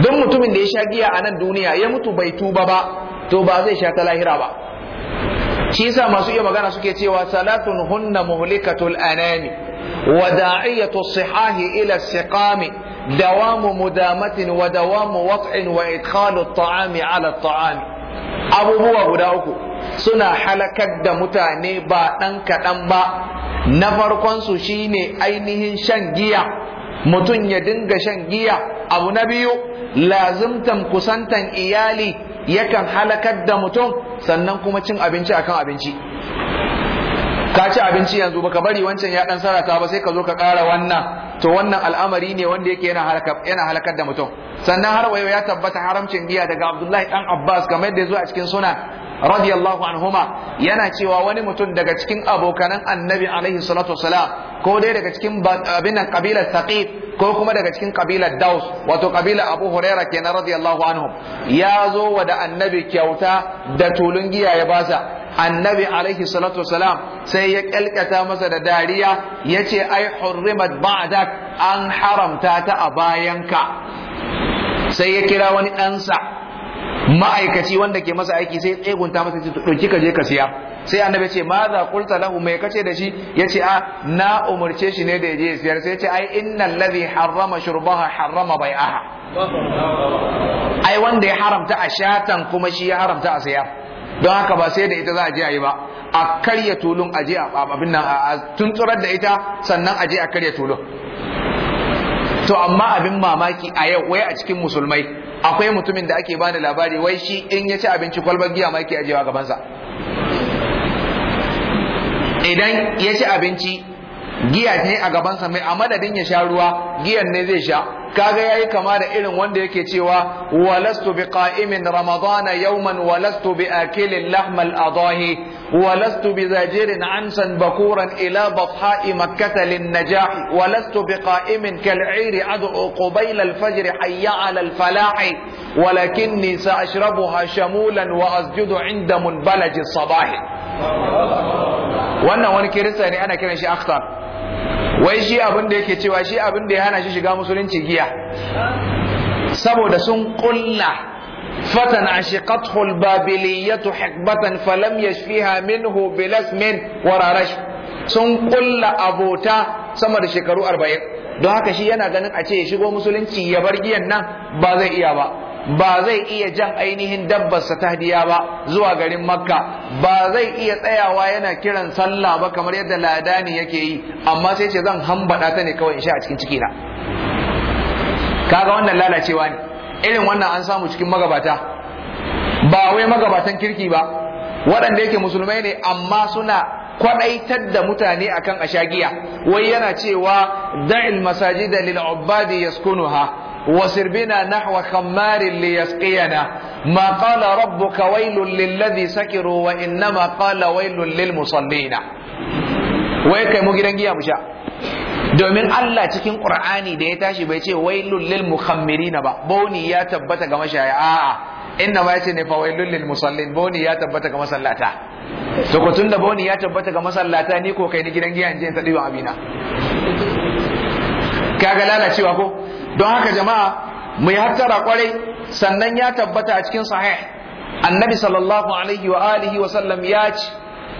duk mutumin da ya sha giya a nan duniya ya mutu bai tuba ba to ba zai sha ta lahira ba shi yasa masu iya magana suke cewa salatun hunna muhlikatul anami wa da'iyatu sihahi ila siqami dawamu mudamatin wa dawamu wat'in wa idkhalu at-ta'ami ala at-ta'ami abubuwa guda uku suna halakar da mutane ba ɗan kaɗan ba na farkon su shine ainihin shan giya mutum ya dinga shan giya abu na biyu lazimtan kusantan iyali yakan halakar da mutum sannan kuma cin abinci akan abinci ka ci abinci yanzu baka bari wancan ya dan saraka ba sai ka zo ka ƙara wannan to wannan al'amari ne wanda yake yana halakar yana halakar da mutum sannan har wayo ya tabbata haramcin giya daga Abdullahi dan Abbas kamar yadda ya zo a cikin suna. radiyallahu anhuma yana cewa wani mutum daga cikin abokanan annabi alaihi salatu wasalam ko dai daga cikin abin nan kabilar saqif ko kuma daga cikin kabilar daus wato kabilar abu huraira kenan radiyallahu anhum ya zo wa da annabi kyauta da tulun giya ya basa annabi alaihi salatu wasalam sai ya ƙyalkata masa da dariya ya ce ai hurrimat ba'dak an haramta ta a bayanka sai ya kira wani ɗansa ma'aikaci wanda ke masa aiki sai tsegunta masa ce to ka je ka siya sai annabi ce ma za kulta lahu mai kace da shi yace a ah, na umarce shi ne da yaje ya siyar sai ce ai innal ladhi harrama shurbaha harrama bai'aha ai wanda ya haramta a shatan kuma shi ya haramta a siya don haka ba sai da ita za a je a yi ba a karya tulun a je a abin nan a tuntsurar da ita sannan a je a karya tulun to amma abin mamaki a yau wai a cikin musulmai akwai mutumin da ake bani labari wai shi in ya ci abinci kwalbar giya ma yake ajewa gabansa idan ya ci abinci giya ne a gabansa mai a madadin ya sha ruwa giyan ne zai sha kaga yayi kama da irin wanda yake cewa walastu biqa'imin ramadana yawman walastu biakilin lahmal adahi walastu bizajirin ansan bakuran ila batha'i makkah linnajah walastu biqa'imin kal'iri ad'u qubayla alfajr hayya 'ala alfalahi walakinni sa'ashrabuha shamulan wa asjudu 'inda munbalaj sabah wannan wani kirista ne ana kiran shi akhtar wai shi abin da yake cewa shi abin da ya hana shi shiga musulunci giya saboda sun kulla فتن عشقته البابلية حقبة فلم يشفيها منه بلسم Min, Wararash, sun kulla abota sama da shekaru arba'in don haka shi yana ganin a ce ya shigo musulunci ya bar giyan nan ba zai iya ba ba zai iya jan ainihin dabbarsa ta hadiya ba zuwa garin makka ba zai iya tsayawa yana kiran sallah ba kamar yadda ladani yake yi amma sai ce zan hambaɗa ta ne kawai in sha a cikin cikina kaga wannan lalacewa ne irin wannan an samu cikin magabata ba wai magabatan kirki ba waɗanda yake musulmai ne amma suna kwaɗaitar da mutane akan ashagiya wai yana cewa da'il masajida lil ubadi yaskunuha وسربنا نحو خمار ليسقينا ما قال ربك ويل للذي سكروا وإنما قال ويل للمصلين ويكا مجرن جيا مشا domin Allah cikin Qur'ani da ya tashi bai ce wailul lil mukhammirina ba Bauni ya tabbata ga mashaya a'a inna ma yace ne fa wailul lil musallin boni ya tabbata ga masallata to ko tunda boni ya tabbata ga masallata ni ko kai ni gidan giya in je in ta diba abina kaga lalacewa ko don haka jama'a mu yi hattara kwarai sannan ya tabbata a cikin sahih annabi sallallahu alaihi wa alihi wa sallam ya ce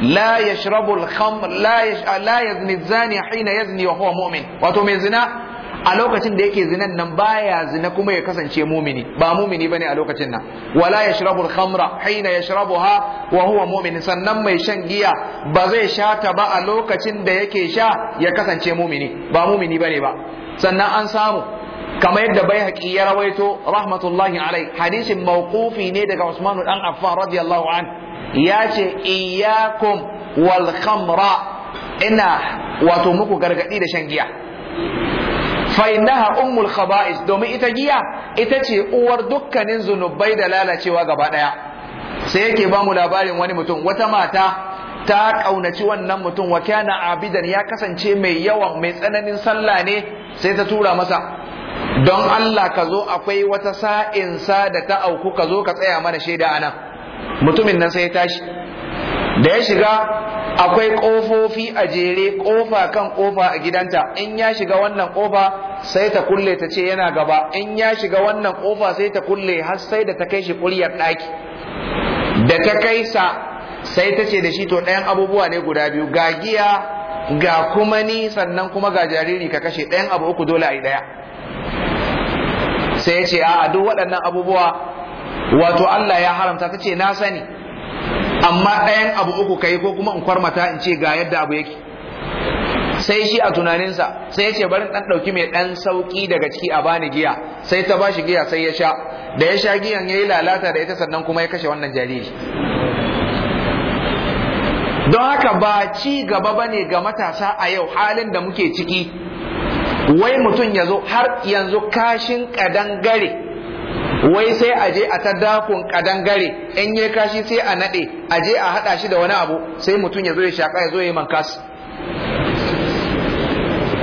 la yashrabu al-khamr la la yazni zani hina yazni wa huwa mu'min wato mai zina a lokacin da yake zinan nan baya zina kuma ya kasance mumini ba mumini bane a lokacin nan wala yashrabu al-khamra hina yashrabuha wa huwa mu'min sannan mai shan giya ba zai sha ta ba a lokacin da yake sha ya kasance mumini ba mumini bane ba sannan an samu kamar yadda Baihaqi ya rawaito rahmatullahi alai hadisin mawqufi ne daga Usman ɗan Affan radiyallahu an ya ce iyyakum wal ina wato muku gargadi da shan giya Fa'inaha innaha ummul domin ita giya ita ce uwar dukkanin zunubai da lalacewa gaba ɗaya. sai yake ba mu labarin wani mutum wata mata ta ƙaunaci wannan mutum wa abidan ya kasance mai yawan mai tsananin sallah ne sai ta tura masa don Allah ka zo akwai wata sa'in sa da ta auku ka zo ka tsaya mana shaida a nan mutumin nan sai ya tashi da ya shiga akwai ƙofofi a jere ƙofa kan ƙofa a gidanta in ya shiga wannan ƙofa sai ta kulle ta ce yana gaba in ya shiga wannan ƙofa sai ta kulle har sai da ta kai shi ƙuryar ɗaki da ta kai sa sai ta ce da shi to ɗayan abubuwa ne guda biyu ga giya ga kuma ni sannan kuma ga jariri ka kashe ɗayan abu uku dole a yi ɗaya sai ya ce a duk waɗannan abubuwa wato Allah ya haramta ta ce na sani amma ɗayan abu uku kai ko kuma in kwarmata in ce ga yadda abu yake sai shi a tunaninsa sai ya ce bari ɗan ɗauki mai ɗan sauƙi daga ciki a bani giya sai ta bashi giya sai ya sha da ya sha giyan ya yi lalata da ita sannan kuma ya kashe wannan jariri don haka ba ci gaba ba ne ga matasa a yau halin da muke ciki wai mutum ya zo har yanzu kashin ƙadangare, wai sai a je a ta dakon kadangare in ya kashi sai a naɗe a je a haɗa shi da wani abu sai mutum ya zo ya shaƙa ya zo ya mankas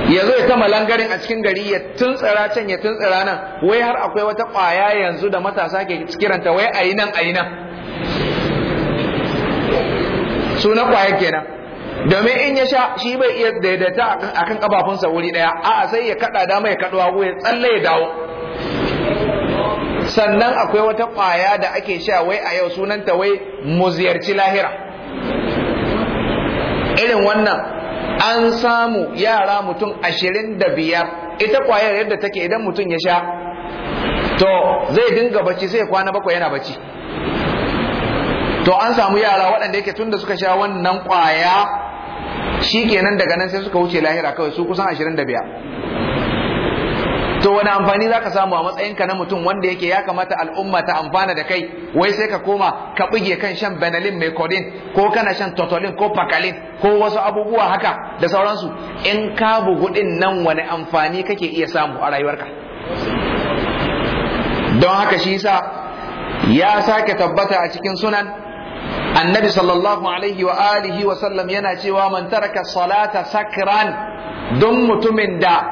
ya zo ya ta malangarin a cikin gari ya tuntsira can ya tuntsira nan wai har akwai wata ƙwaya yanzu da matasa ke kiranta wai yi nan yi nan suna ƙwaya kenan domin in ya sha shi bai iya daidaita a kan kafafunsa wuri daya a sai ya kada dama ya kado hagu ya tsalle ya dawo sannan akwai wata kwaya da ake sha wai a yau sunanta wai mu ziyarci lahira irin wannan an samu yara mutum ashirin da biyar ita kwayar yadda take idan mutum ya sha to zai dinga bacci sai kwana bakwai yana bacci to an samu yara waɗanda yake tun da suka sha wannan kwaya shi kenan daga nan sai suka wuce lahira kawai su kusan ashirin da biyar to wani amfani za ka samu a matsayinka na mutum wanda yake ya kamata al'umma ta amfana da kai wai sai ka koma ka buge kan shan benelin mai codeine ko kana shan totolin ko pakalin ko wasu abubuwa haka da sauransu in ka bugu din nan wani amfani kake iya samu a rayuwarka don haka shi yasa ya sake tabbata a cikin sunan annabi sallallahu alaihi wa alihi wa sallam yana cewa man taraka salata sakran don mutumin da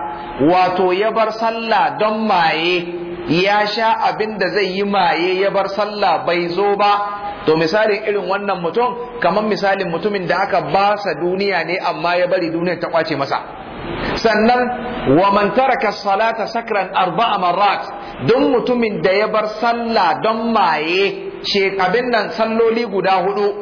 wato ya bar sallah don maye ya sha abin da zai yi maye ya bar sallah bai zo ba to misalin irin wannan mutum kamar misalin mutumin da aka basa duniya ne amma ya bari duniyar ta kwace masa sannan wa man taraka salata sakran arba'a marrat don mutumin da ya bar sallah don maye abin nan salloli guda hudu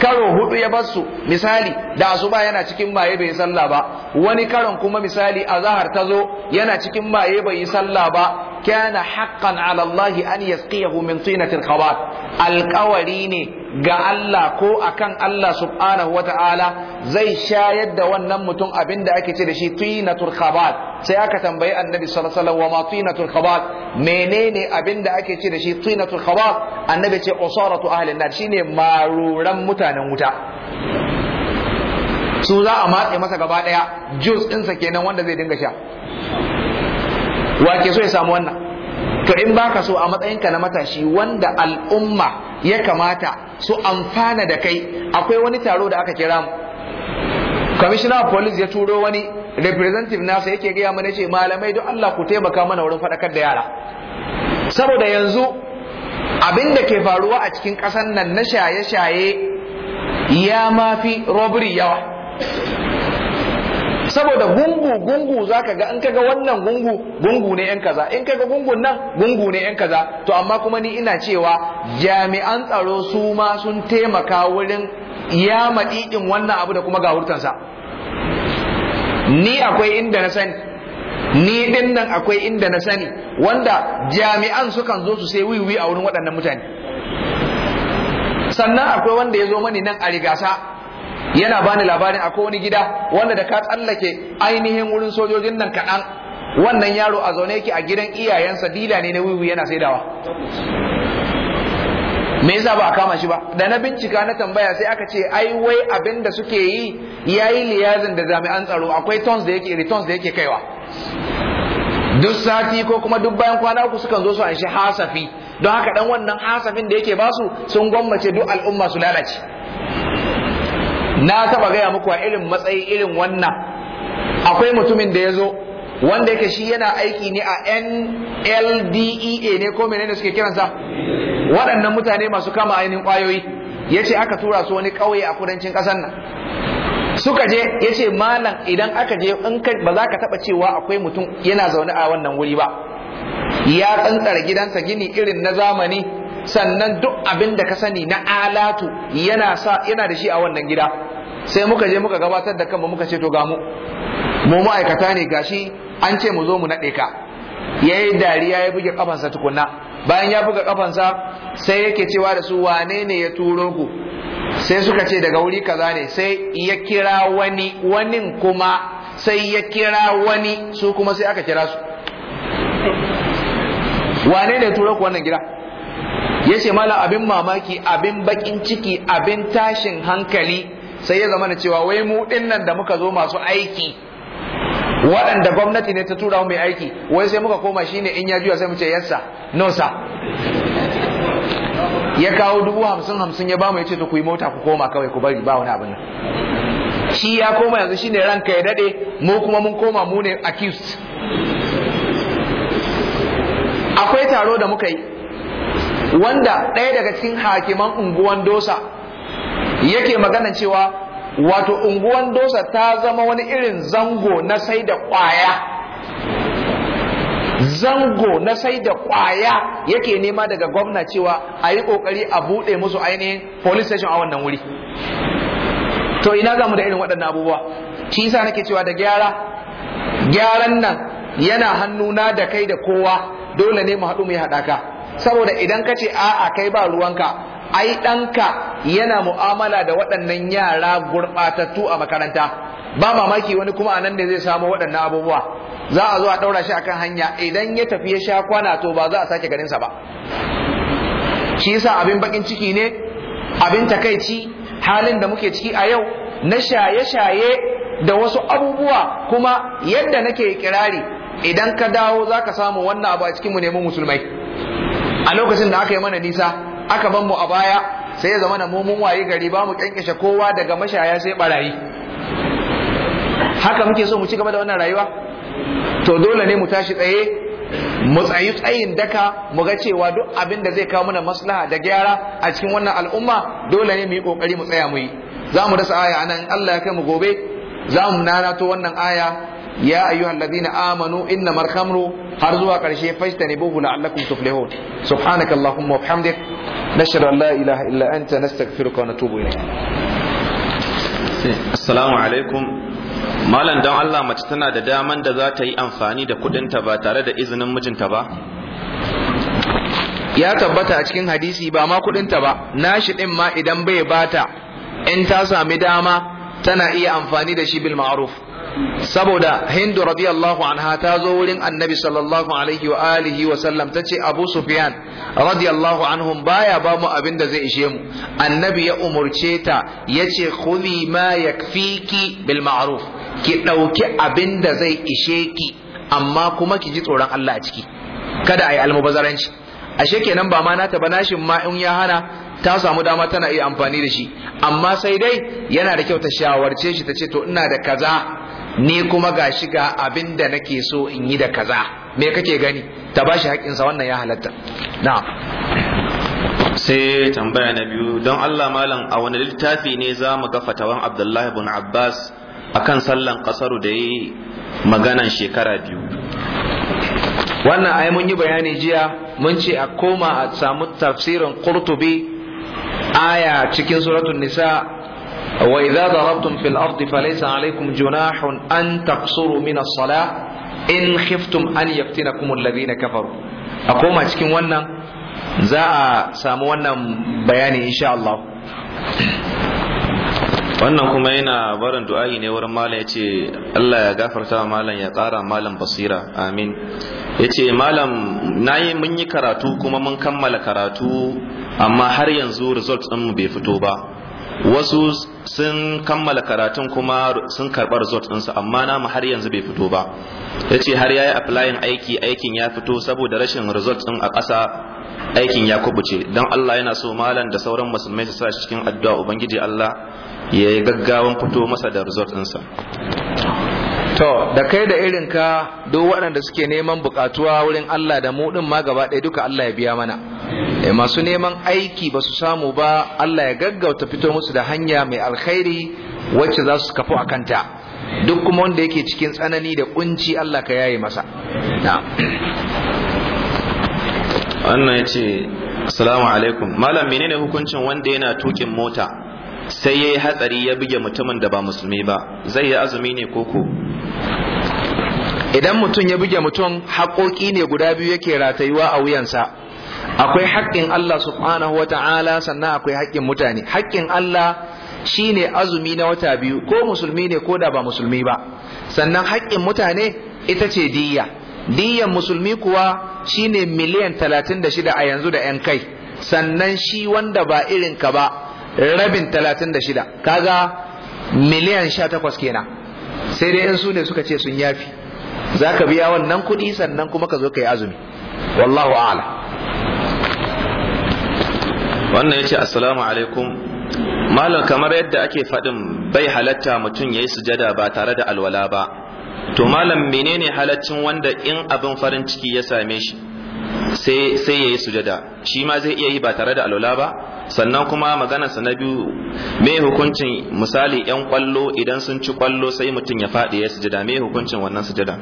karo hudu ya basu misali da asuba yana cikin maye bai sallah ba wani karon kuma misali azahar ta zo yana cikin maye bai yi sallah ba kana haqqan ala Allah an yasqiyahu min tinatil khabar alqawari ne ga Allah ko akan Allah subhanahu wata'ala zai shayar da wannan mutum abin da ake ce da shi tinatul khabat sai aka tambayi annabi sallallahu wa ma tinatul khabat menene abin da ake ce da shi tinatul khabat annabi ce usaratu ahlin nar shine maruran mutanen wuta su za a matse masa gaba daya juice sa kenan wanda zai dinga sha wa ke so ya samu wannan to in baka so a matsayinka na matashi wanda al'umma ya kamata su amfana da kai akwai wani taro da aka kira mu commissioner of police ya turo wani representative nasa yake gaya mana ce malamai don Allah ku taimaka mana wurin faɗakar da yara saboda yanzu abin da ke faruwa a cikin ƙasan nan na shaye-shaye ya mafi robbery yawa saboda gungu gungu zaka ga in kaga wannan gungu gungu ne yan kaza in kaga gungun nan gungu ne yan kaza to amma kuma ni ina cewa jami'an tsaro su ma sun taimaka wurin ya madidin wannan abu da kuma ga hurtansa ni akwai inda na sani ni din nan akwai inda na sani wanda jami'an sukan zo su sai wiwi a wurin waɗannan mutane sannan akwai wanda ya zo mani nan a rigasa yana bani labarin a wani gida wanda da ka tsallake ainihin wurin sojojin nan kaɗan wannan yaro a zaune yake a gidan iyayensa dila ne na wiwi yana saidawa me yasa ba a kama shi ba da na bincika na tambaya sai aka ce ai wai abin da suke yi yayi liyazin da jami'an tsaro akwai tons da yake returns da yake kaiwa duk sati ko kuma duk bayan kwana uku sukan zo su an shi hasafi don haka dan wannan hasafin da yake basu sun gwammace duk al'umma su lalace na taba gaya muku a irin matsayi irin wannan akwai mutumin da ya zo wanda yake shi yana aiki ne a NLDEA ne ko menene suke kiransa waɗannan mutane masu kama ainihin kwayoyi? ya ce aka tura su wani ƙauye a kudancin ƙasar nan suka je yace malam idan aka je in ba za ka taɓa cewa akwai mutum yana zaune a wannan wuri ba ya tsantsara gidansa gini irin na zamani sannan duk abin da ka sani na alatu yana sa yana da shi a wannan gida sai muka je muka gabatar da kanmu muka ce to ga mu mu ma'aikata ne gashi an ce mu zo mu naɗe ka Yayi yi dariya ya buge kafansa tukunna bayan ya buga kafansa sai yake cewa da su wane ne ya turo ku sai suka ce daga wuri kaza ne sai ya kira wani wanin kuma sai ya kira wani su kuma sai aka kira su wane ne turo ku wannan gida ya ce mala abin mamaki abin bakin ciki abin tashin hankali sai ya zama cewa wai mu dinnan da muka zo masu aiki waɗanda gwamnati ne ta tura mu mai aiki wai sai muka koma shine in ya juya sai mu ce yassa no sa ya kawo dubu hamsin hamsin ya bamu ya ce to ku yi mota ku koma kawai ku bari ba wani abin nan shi ya koma yanzu shine ranka ya dade mu kuma mun koma mu ne accused akwai taro da muka yi wanda ɗaya daga cikin hakiman unguwan dosa yake magana cewa wato unguwan dosa ta zama wani irin zango na sai da kwaya zango na sai da kwaya yake nema daga gwamna cewa a yi kokari a buɗe musu ainihin police station a wannan wuri to ina za mu da irin waɗannan abubuwa shi sa nake cewa da gyara gyaran nan yana hannuna da kai da kowa dole ne mu haɗu mu yi haɗaka saboda idan ka ce a'a kai ba ruwanka ai ɗanka yana mu'amala da waɗannan yara gurɓatattu a makaranta ba mamaki wani kuma a nan da zai samu waɗannan abubuwa za a zo a ɗaura shi akan hanya idan ya tafi ya sha kwana to ba za a sake ganin sa ba shi yasa abin bakin ciki ne abin takaici halin da muke ciki a yau na shaye-shaye da wasu abubuwa kuma yadda nake kirari idan ka dawo za ka samu wannan abu a cikin mu neman musulmai a lokacin da aka yi mana nisa aka ban mu a baya sai ya zama na mu waye gari ba mu kyankashe kowa daga mashaya sai barayi haka muke so mu ci gaba da wannan rayuwa to dole ne mu tashi tsaye mu tsayi tsayin daka mu ga cewa duk abin da zai kawo mana maslaha da gyara a cikin wannan al'umma dole ne mu yi kokari mu tsaya mu yi za mu rasa aya anan Allah ya kai mu gobe za mu nanato wannan aya ya ayyuhan ladina amanu inna Markamru, har zuwa karshe fajtanibuhu la'allakum tuflihun subhanakallahumma wa bihamdik nashhadu an la ilaha illa anta nastaghfiruka wa natubu ilayk assalamu alaikum malam don Allah mace tana da daman da za ta yi amfani da kudinta ba tare da izinin mijinta ba ya tabbata a cikin hadisi ba ma kudinta ba nashi din ma idan bai bata in ta sami dama tana iya amfani da shi bil ma'ruf saboda hindu radiyallahu anha ta zo wurin annabi sallallahu alaihi wa alihi wa sallam ta ce abu sufyan radiyallahu anhum baya ba mu abin da zai ishe mu annabi ya umurce ta ya ce khudhi ma yakfiki bil ma'ruf ki ɗauki abin da zai ishe ki amma kuma ki ji tsoron Allah a ciki kada a yi almubazaranci ashe kenan ba ma nata ba nashin ma in ya hana ta samu dama tana iya amfani da shi amma sai dai yana da kyau ta shawarce shi ta ce to ina da kaza ni kuma ga shiga abin da nake so in yi da kaza me kake gani ta bashi haƙƙinsa wannan ya halatta na sai tambaya na biyu don Allah malam a wani littafi ne za mu ga fatawan Abdullahi bin Abbas a kan sallan ƙasaru da yi maganan shekara biyu wannan ai mun yi bayani jiya mun ce a koma a samu tafsirin Qurtubi aya cikin suratun nisa وإذا ضربتم في الأرض فليس عليكم جناح أن تقصروا من الصلاة إن خفتم أن يفتنكم الذين كفروا أقوم أتكين ونن زاء سامو بياني إن شاء الله wannan kuma yana barin du'ayi ne wurin malam ya ce Allah ya gafarta wa malam ya ƙara malam basira amin ya ce malam na yi mun yi karatu kuma mun kammala karatu amma har yanzu result ɗinmu bai fito ba wasu sun kammala karatun kuma sun karɓar result ɗinsu amma namu har yanzu bai fito ba ya ce har yayi applying aiki aikin ya fito saboda rashin result ɗin a ƙasa aikin ya kubuce don Allah yana so malam da sauran musulmai su sa cikin addu'a ubangiji Allah ya yi gaggawan fito masa da result ɗinsa to da kai da irin ka duk waɗanda suke neman buƙatuwa wurin Allah da mu ɗin ma gaba ɗaya duka Allah ya biya mana Eh, masu neman aiki ba su samu ba Allah ya gaggauta fito musu da hanya mai alkhairi wacce za su kafu a kanta duk kuma wanda yake cikin tsanani da kunci Allah ka yaye masa wannan ya ce assalamu alaikum malam menene hukuncin wanda yana tukin mota sai ya yi hatsari ya buge mutumin da ba musulmi ba zai yi azumi ne koko idan mutum ya buge mutum haƙoƙi ne guda biyu yake ratayuwa a wuyansa akwai haƙƙin Allah subhanahu ta'ala sannan akwai haƙƙin mutane haƙƙin Allah shine azumi na wata biyu ko musulmi ne ko da ba musulmi ba sannan haƙƙin mutane ita ce diyya diyyan musulmi kuwa shine miliyan talatin shida a yanzu da yan kai sannan shi wanda ba irin ka ba rabin talatin shida kaga miliyan sha takwas kenan sai dai in su ne suka ce sun yafi za ka biya wannan kuɗi sannan kuma ka zo ka yi azumi wallahu a'lam wannan ya ce assalamu alaikum malam kamar yadda ake faɗin bai halatta mutum ya yi sujada ba tare da alwala ba to malam menene halaccin wanda in abin farin ciki ya same shi sai ya yi sujada shi ma zai iya yi ba tare da alwala ba sannan kuma magana na biyu me hukuncin misali yan kwallo idan sun ci kwallo sai mutum ya faɗi ya sujada me hukuncin wannan sujada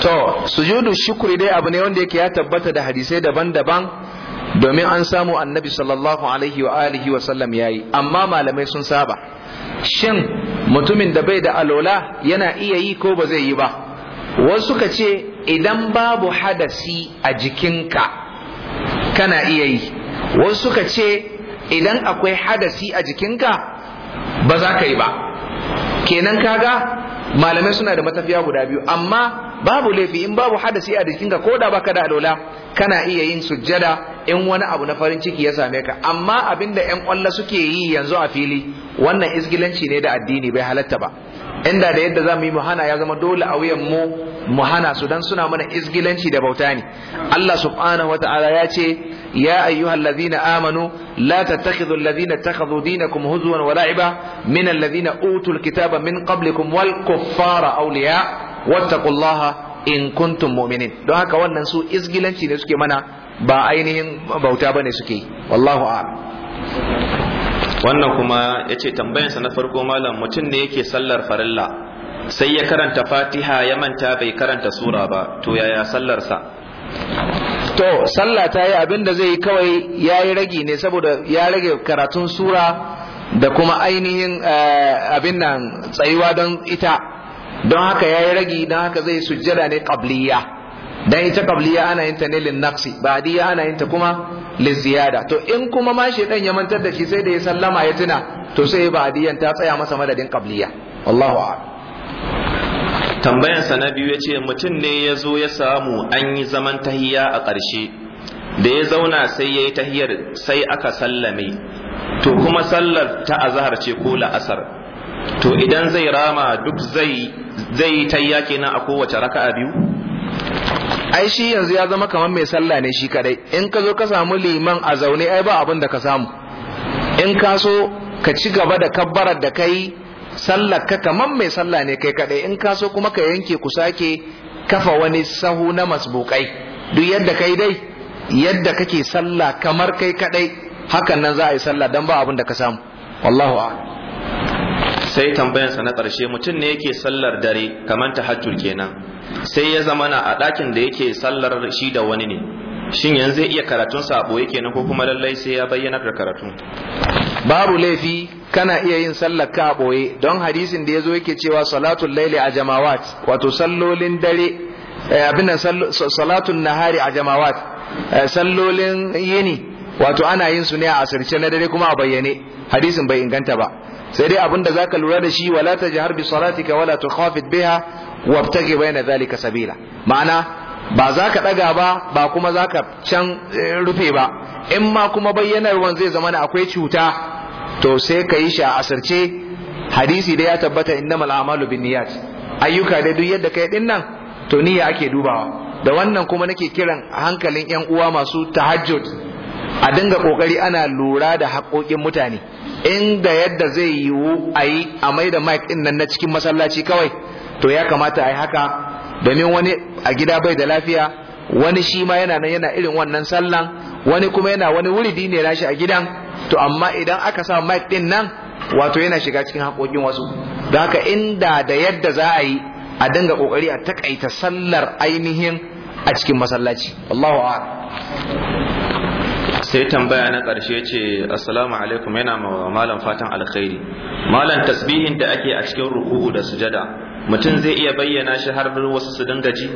to sujudu shukuri dai abu ne wanda yake ya tabbata da hadisai daban-daban domin an samu annabi sallallahu alaihi wa alihi wa sallam yayi amma malamai sun saba shin mutumin da bai da alola yana iya yi ko ba zai yi ba wasu ka ce idan babu hadasi a jikinka kana iya yi wasu ka ce idan akwai hadasi a jikinka ba za ka yi ba kenan kaga malamai suna da matafiya guda biyu amma babu laifi in babu hadasi a jikinka ko da baka da alola kana iya yin sujjada in wani abu na farin ciki ya same ka amma abinda yan kwallo suke yi yanzu a fili wannan izgilanci ne da addini bai halatta ba inda da yadda za mu yi mu hana ya zama dole a wuyan mu mu hana su dan suna mana izgilanci da bauta ne Allah subhanahu wataala ya ce ya ayyuhal ladhina amanu la tattakhidhu alladhina ittakhadhu dinakum huzwan wa la'iba min alladhina utul kitaba min qablikum wal kuffara awliya wattaqullaha in kuntum mu'minin don haka wannan su izgilanci ne suke mana ba ainihin bauta bane suke wallahu a'lam wannan kuma ya ce tambayansa na farko malam mutum ne yake sallar farilla sai ya karanta fatiha ya manta bai karanta sura ba to yaya sallarsa to sallah ta yi abin da zai kawai ya yi ragi ne saboda ya rage karatun sura da kuma ainihin eh, abin nan tsayuwa don ita don haka ya yi ragi don haka zai sujjada ne qabliya dan ita qabliya ana yin ta ne lin naqsi ba'diya ana yin ta kuma lin ziyada to in kuma ma shedan ya mantar da shi sai da ya sallama ya tuna to sai ba'diyan ta tsaya masa madadin qabliya wallahu a'lam tambayan sa na biyu yace mutum ne ya zo ya samu an yi zaman tahiya a ƙarshe da ya zauna sai yayi tahiyar sai aka sallame to kuma sallar ta azhar ce ko la'asar to idan zai rama duk zai zai tayya kenan a kowace raka'a biyu ai shi yanzu ya zama kamar mai sallah ne shi kadai in ka zo ka samu liman a zaune ai ba abin da ka samu in ka so ka ci gaba da kabbarar da kai sallar ka kamar mai sallah ne kai kadai in ka so kuma ka yanke ku sake kafa wani sahu na masbukai duk yadda kai dai yadda kake sallah kamar kai kadai hakan nan za a yi sallah dan ba abin da ka samu wallahu a sai tambayansa na ƙarshe mutum ne yake sallar dare kamar tahajjud kenan sai ya zama na a ɗakin da yake sallar shi da wani ne shin yanzu zai iya karatun sabo yake nan ko kuma lallai sai ya bayyanar da karatun babu laifi kana iya yin sallar ka boye don hadisin da yazo yake cewa salatul laili a jamawat wato sallolin dare eh, abin salatun nahari a jamawat eh, sallolin yini wato ana yin su ne a asirce na dare kuma a bayyane hadisin bai inganta ba sai dai abinda ka lura da shi wala jihar bi salatika wala tukhafid biha wabtaghi bayna zalika sabila ma'ana ba za ka daga ba ba kuma za ka can eh, rufe ba in ma kuma bayyanarwan zai zama na akwai cuta to sai ka yi shi a asirce hadisi da ya tabbata innamal a'malu binniyat ayyuka da duk yadda kai din nan to niyya ake dubawa da wannan kuma nake kiran hankalin yan uwa masu tahajjud a dinga kokari ana lura da haƙoƙin mutane inda yadda zai yiwu a yi a mai da mic din nan na cikin masallaci kawai to ya kamata a yi haka domin wani a gida bai da lafiya wani shi ma yana nan yana irin wannan sallan wani kuma yana wani wuri wuridi ne nashi a gidan to amma idan aka sa mic din nan wato yana shiga cikin haƙoƙin wasu don haka inda da yadda za a yi a dinga ƙoƙari a takaita sallar ainihin a cikin masallaci Allahu a'lam sai tambaya na ƙarshe ce assalamu alaikum yana ma malam fatan alkhairi malam tasbihin da ake a cikin ruku'u da sujada mutum zai iya bayyana shi har wasu su dinga ji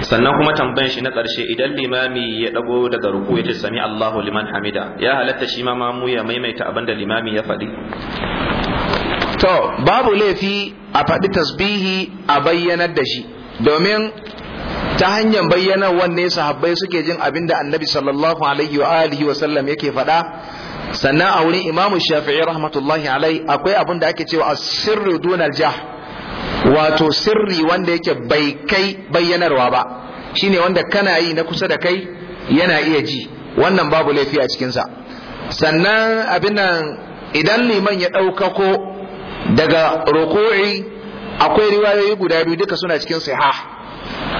sannan kuma tambayan shi na ƙarshe idan limami ya dago daga ruku ya ce sami Allahu liman hamida ya halatta shi ma mamu ya maimaita abin da limami ya faɗi to babu laifi a faɗi tasbihi a bayyanar da shi domin ta hanyar bayyana wanne sahabbai suke jin abin da annabi sallallahu alaihi wa sallam yake faɗa sannan a wurin imamu shafi'i rahmatullahi alai akwai abin da ake cewa sirri dunal jah wato sirri wanda yake bai kai bayyanarwa ba shine wanda kana yi na kusa da kai yana iya ji wannan babu laifi a cikinsa sannan abin nan idan liman ya ɗaukako daga ruku'i akwai riwayoyi guda biyu duka suna cikin sahih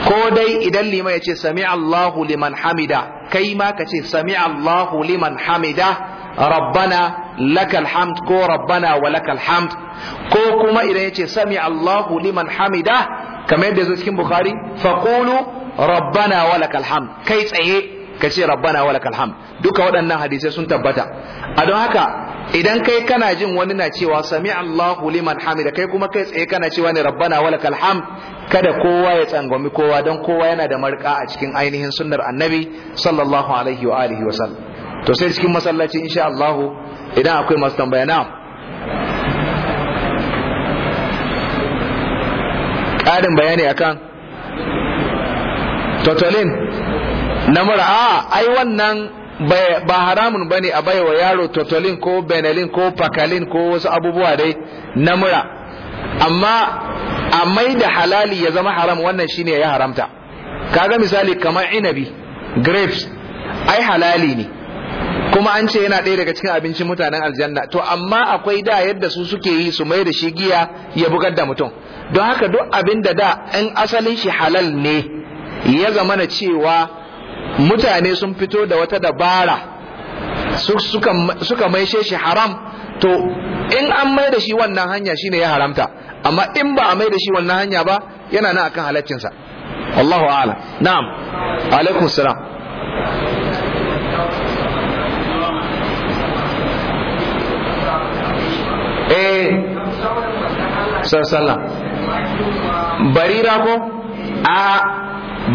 ko dai idan lima ya ce sami Allahu liman hamida kai ma ka ce sami Allahu liman hamida rabbana lakal hamd ko rabbana wa lakal hamd ko kuma idan ya ce sami Allahu liman hamida kamar yadda zo cikin Bukhari faqulu rabbana wa lakal hamd kai tsaye kace ce rabbana wa lakal hamd duka waɗannan hadisai sun tabbata a don haka idan kai kana jin wani na cewa sami Allahu liman hamida kai kuma kai tsaye kana cewa ne rabbana wa lakal hamd kada kowa ya tsangwami kowa don kowa yana da marka a cikin ainihin sunnar annabi sallallahu alaihi wa alihi wa to sai cikin masallaci insha Allah idan akwai masu tambaya na ƙarin bayani akan totolin na mura a ah, ai wannan ba haramun ba ne a baiwa yaro totolin ko benelin ko pakalin ko wasu abubuwa dai na mura amma a mai da halali ya zama haram wannan shine ya haramta kaga misali kamar inabi grapes ai halali ne kuma an ce yana ɗaya daga cikin abincin mutanen aljanna to amma akwai da yadda su suke yi su mai da shi giya ya bugar da mutum don haka duk abin da da in asalin shi halal ne ya zama na cewa mutane sun fito da wata dabara suka maishe shi haram to in an mai da shi wannan hanya shi ne ya haramta amma in ba a mai da shi wannan hanya ba yana nan akan halaccinsa Allahu a'ala na'am alaikum salam eh sallallahu barira ko a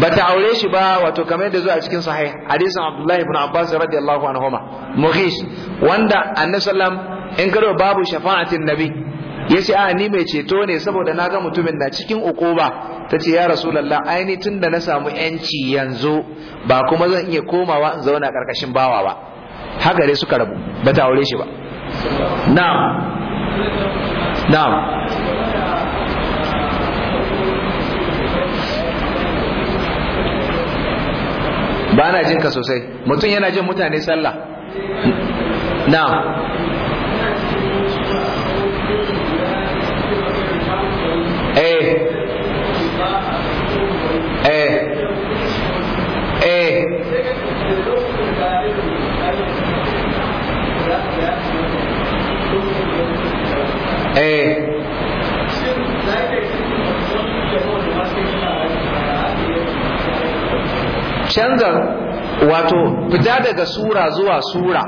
Ba ta aure shi ba wato kamar yadda zuwa cikin sahih hadisin Abdullahi ibn Abbas radiyallahu anhu ma mughis wanda annabi sallam in karo babu shafa'atin nabi yace a ni mai ceto ne saboda na ga mutumin na cikin ukuba tace ya rasulullah aini tunda na samu yanci yanzu ba kuma zan iya komawa in zauna karkashin bawa ba haka dai suka rabu ba ta aure shi ba na'am na'am ba na jinka sosai mutum yana jin mutane sallah na eh eh eh eh canza wato fita daga sura zuwa sura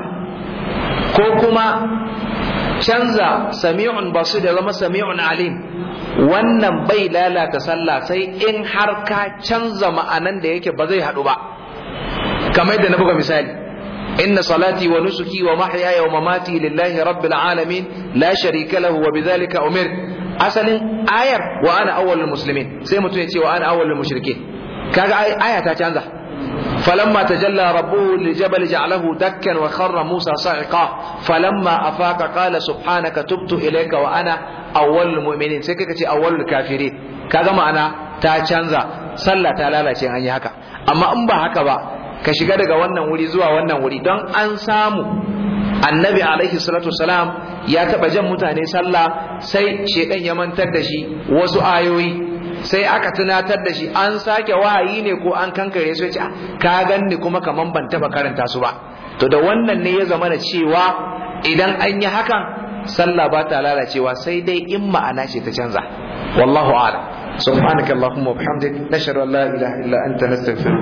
ko kuma canza sami'un basu da zama sami'un alim wannan bai lalata sallah sai in har ka canza ma'anan da yake ba zai haɗu ba kamar da na buga misali inna salati wa nusuki wa mahyaya wa mamati lillahi rabbil alamin la sharika lahu wa bidhalika umir asalin ayar wa ana awwalul muslimin sai mutum ya ce wa ana awwalul mushrike kaga aya ta canza فلما تجلى ربه للجبل جعله دكا وخر موسى صعقا فلما أفاق قال سبحانك تبت إليك وأنا ka المؤمنين سككتي أول الكافرين كذا معنا ta canza sallah ta lalace an yi haka amma in ba haka ba ka shiga daga wannan wuri zuwa wannan wuri don an samu annabi alaihi salatu salam ya taba jan mutane sallah sai shedan ya mantar da shi wasu ayoyi sai aka tunatar da shi an sake wahayi ne ko an kankare su ce ah, ka ganni kuma kaman ban taba karanta su ba to da wannan ne ya zama da cewa idan an yi hakan sallah ba ta lalacewa sai dai in ma'ana ce ta canza wallahu a'lam subhanakallahumma wa bihamdik nashhadu an la ilaha illa anta nastaghfiruka